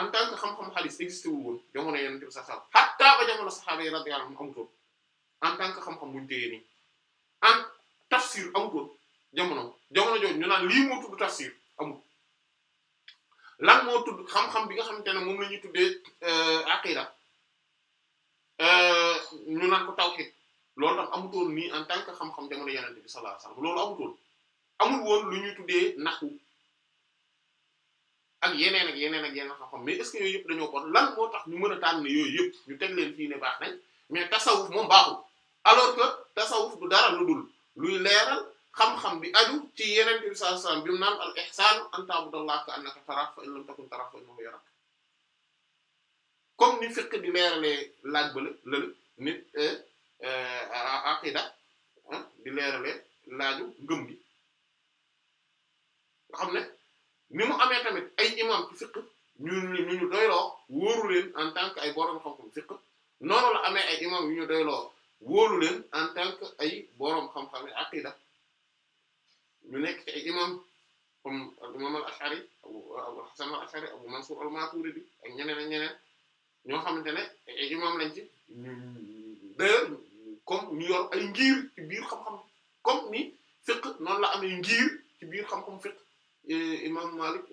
en tant que xam-xamu xadis existé wul woon jamono yeneen bi sallallahu alayhi wasallam xataa ba jamono saxaaba yi radiyallahu anhum amutoon en tant que xam-xam buñ téye en tafsir amut woon jamono jamono jooju ñu naan lii moo tudd tafsir amut lan moo tudd xam-xam bi nga xamante ne moom la ñuy tuddee euh, aqida euh, ñu naan ko tawhid loolu tax amutoon nii en tant que xam-xam jamono yenente bi sallallahu alayhi wasallam loolu amutoon amul woon lu ñuy tuddee naxu ak yeneen ak yeneen ak yeneen xam-xam mais est-ce que yooyu yëpp dañoo kon lan moo tax ñu mën a tànn yooyu ñu teg leen fii ne baax nañ mais tasawuf moom baaxul alors que tasawuf du dara lu dul luy leeral xam-xam bi aju ci yeneen bi sallallahu alayhi bi mu naan al ihsaanu an ta'budallaha ka annaka tarahu fa in lam takun tarahu fa innahu yarak comme ni fiqh di leeralee laaj bële nit eh, eh, aqida ah, di leeralee laaju ngëm gi nga xam ne ni mu amee tamit ay imam ci fiqh ñu ñu doyloo wóoru leen en tant que ay borom xam-xam fiqh noonu la amee ay imam yu ñu doyloo wóolu leen en tant que ay boroom xam-xam yi aqida ñu nekk ci ay imam comme abu abu hasan al abu mansur al maturidi ak ñeneen ak ñeneen ñoo xamante ne ay imam lañ ci d'ailleurs comme yor ay ngir ci biir xam-xam comme ni fiqh noonu la amee ngir ci biir xam-xam fiqh imam malik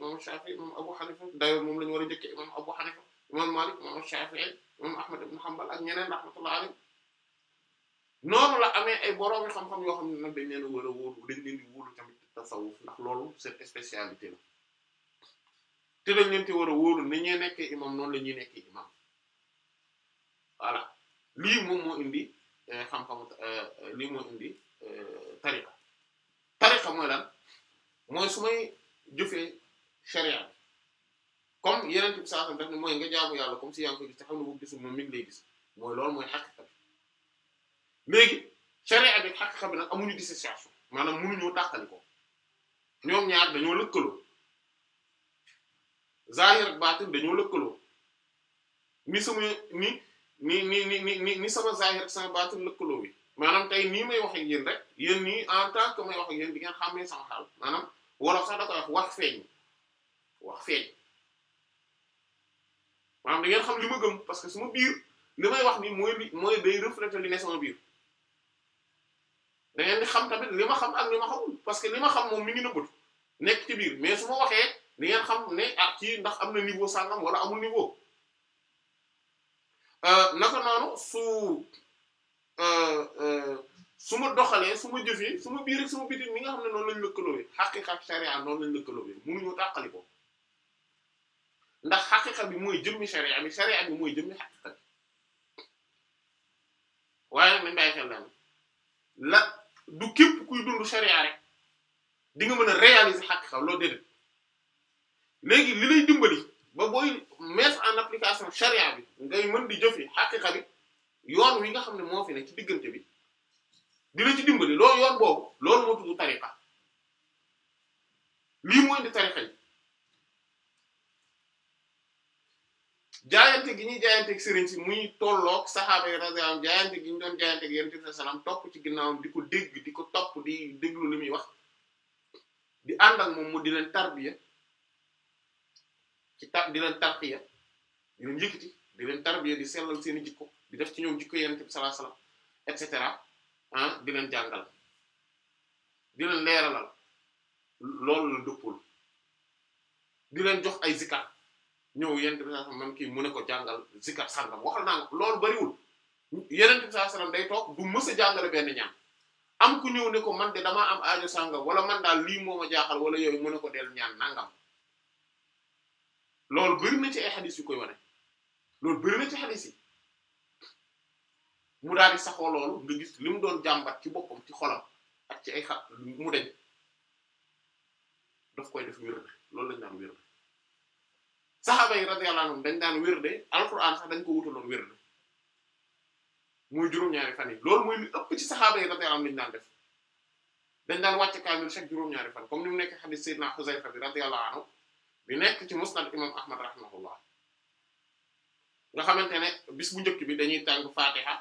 imam abu hanifa d'ailleurs moom la ñu war a jëkke imam abu hanifa imam malik imam shafi imam ahmad ibn hanbal ak ñeneen rahmatullah alayhi noonu la amee ay boroomi xam-xam yoo xam ne nag dañ leen a war a wóolu dañ leen di ndax loolu seen spécialité te dañ leen te war a wóolu ni ñuy nekkee imam noonu la ñuy nekkee imam voilà lii moom moo indi eh, xam-xamu eh, lii moo indi eh, tariqa tariqa mooy lan mooy su may jëfee sharia bi comme yeneen bi saa def ni mooy nga jaamu yàlla comme si yaa ngi ko gis xam ne bu gisul moom mi ngi lay gis mooy loolu mooy xaqiqa léegi sharia bi ak haqiqa bi nag amuñu dissociation maanaam mënuñoo tàqali ko ñoom ñaar dañoo lëkkaloo zahir ak baatin dañoo lëkkaloo ni sama ni ni ni ni ni ni sama zahir ak sama lëkkaloo bi maanaam tey nii may wax ak yéen rek yéen nii en tant que may wax ak yéen di ngeen xàmmee sama xaal maanaam wolof sax da koy wax feeñ wax feeñ maanaam da ngeen xam li ma gëm parce que sama biir li may wax nii mooy li mooy day refléter li ne sama biir da ngeen xam tamit li ma xam am li ma xamul parce que li ma xam moom mi ngi nëbbatu nekk ci biir mais su ma waxee di ngeen xam ne ah ci ndax am na niveau sàngam wala amul niveau euh, naka noonu su euh, euh, su ma doxalee su ma jëfee su ma biir ak su ma biti mi nga xam ne noonu lañ lëkkaloo xaqiqa ak sharia noonu lañ lëkkaloo mënuñu tàqali ko ndax xaqiqa bi mooy jëmmi sharia bi sharia bi mooy jëmmi xaqiqa bi waaye nag nañ bàyyi xel la du képp kuy dund sharia rek di nga mën a réaliser xaqiqa loolu déedéet léegi li lay dimbali ba booy mettre en application sharia bi ngay mën di jëfee xaqiqa bi yoon wi nga xam ne moo fi ne ci diggante bi di la ci dimbali loolu yoon boobu loolu moo tudd tariqa lii mooy indi tariqa yi jaayante gi ñuy jaayante ak sëriñ si muy tolloog saxaaba yi radiyallahu jaayante gi ñu doon jaayante ak yonent bi sallam topp ci ginnaawam di ko dégg di ko topp di déglu li muy wax di ànd ak moom mu di leen tarbiya ci tar di leen tarbiya di leen yëkkati leen tarbiya di sellal seeni jikko di def ci ñoom jikko yonent bi sallallahu et cetera ah di leen jàngal di leen leeralal loolu la dëppul di leen jox ay zikar ñëw yonent bi sallallahu man kii mu ne ko jàngal zikar sangam waxal naa ko loolu bariwul yonent bi sallallahu day toog du mës jàngale benn ñaan am ku ñëw ne ko man de damaa am aajo sangam wala man daal lii moo ma jaaxal wala yooyu mu ne ko del ñaan nangam loolu bëri ci ay xadis yu koy wane loolu bëri ci xadis mu daal di saxoo loolu nga gis li mu doon jàmbat ci boppam ci xolam ak ci ay xa mu deñ daf koy def wér loolu lañ naan wér saxaaba yi radiyallahu anhum dañ daan wirde alquran sax dañ ko wutaloon wirde muy juróom-ñaari fan yi lool mooy lu ëpp ci saxaaba yi radiyallahu anhum lañu daan def dañ daan wàcc kaamil chaque juróom-ñaari fan comme ni mu nekk xadis sayyidina Xuzayfa bi radiyallahu anhu bi nekk ci musnad imam ahmad rahimahullah nga xamante ne bis bu njëkk bi dañuy tàng fatiha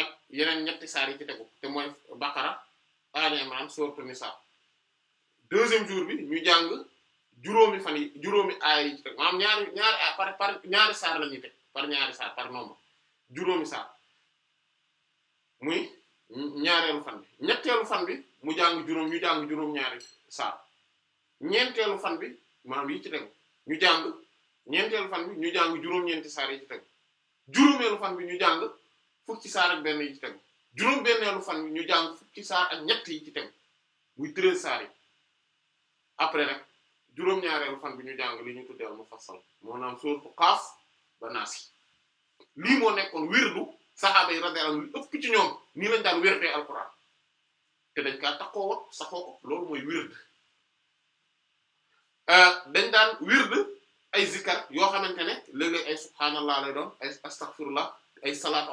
ak yeneen ñetti saar yi ci tegu te mooy baqara ali imran sourate nisa deuxième jour bi ñu juróomi fan yi juróomi aay yi ci teg maanaam ñaari ñaari aay par ñaari saar la ñuy par ñaari saar par nombre juróomi saar muy ñaareelu fan bi ñetteelu fan bi mu jàng juróom ñu jàng juróom-ñaari saar ñeenteelu bi maanaam yi ci teg ñu jàng ñeenteelu fan bi ñu jàng juróom-ñeenti saar yi ci teg juróomeelu fan bi ñu jàng fukki saar ak benn yi ci teg juróom-benneelu fan bi ñu jàng fukki saar ak ñett yi ci teg muy treize saar yi après rek. juróom-ñaareelu fan bi ñu jàng li ñu tuddee al-mufassal moo naam suuratu ba Naas lii moo nekkoon wirdu saxaaba yi radiyallahu anhum ëpp ci ñoom nii lañ daan wirdee alquran te dañ kaa takkoo wat saxoo ko loolu mooy wird euh, dañ daal wird ay zikar yoo xamante ne léeg-léeg ay subhaanallah lay doon ay astaghfirullah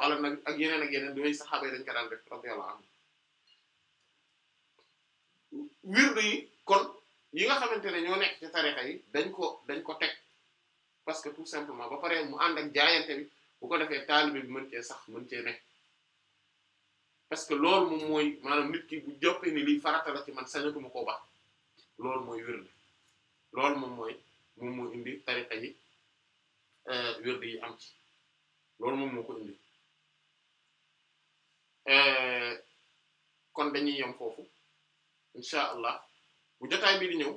ala nabi ak yeneen ak yeneen saxaaba yi dañ ko daan def radiyallahu anhum yi kon yi nga xamante ne ñoo nekk ci tarixa yi dañ ko dañ ko teg parce que tout simplement ba pare mu ànd ak jaayante bi bu ko defee taalibe bi mën cee sax mën cee nekk parce que loolu moom mooy maanaam nit ki bu joppee ni lii farata la ci man sañatuma koo baax loolu mooy wér lool moom mooy moom moo indi tarixa yi euh, wér yi am ci loolu moom moo ko indi euh, kon dañuy yem foofu incha allah bu jotaay bi di ñëw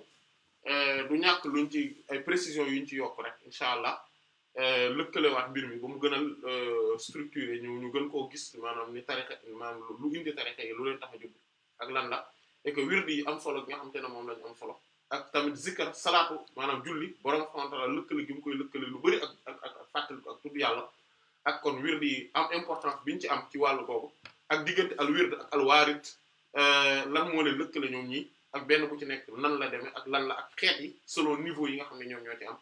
euh, du ñàkk luñ ci ay précisions yuñ ci yokk rek incha allah euh, lëkkalewaat mbir mi ba mu gën a yi euh, ñu ñu gën koo gis maanaam ni tarixa maanaam lu indi tarixa yi lu leen tax a jóg ak lan la et que wird yi am solo gi nga xamante ne moom lañu am solo ak tamit zikar salaatu maanaam julli borom xamante ne lëkkale gi mu koy lëkkale lu bari ak ak ak ak tudd yàlla ak kon wird yi am importance biñ ci am ci wàll boobu ak diggante al wird ak al lan moo leen lëkkale ñoom ñi ak benn bu ci nekk lan la demee ak lan la ak xeet yi selon niveau yi nga xam ne ñoom ñoo am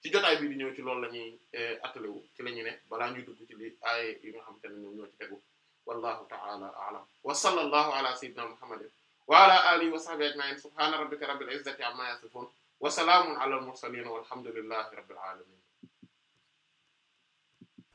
ci jotaay bi di ñëw ci loolu la ñuy eh, attelé ci la ñuy ne balaa ñuy dugg ci li ay yi nga xam te ne ñoom ñoo ci tegu wallahu ta'ala a'lam wa sallallahu ala sayyidina muhammadin wa ala alihi wa sahbihi ajma'in subhana rabbika rabbil izzati amma yasifun wa salamun ala al mursalin walhamdulillahi rabbil alamin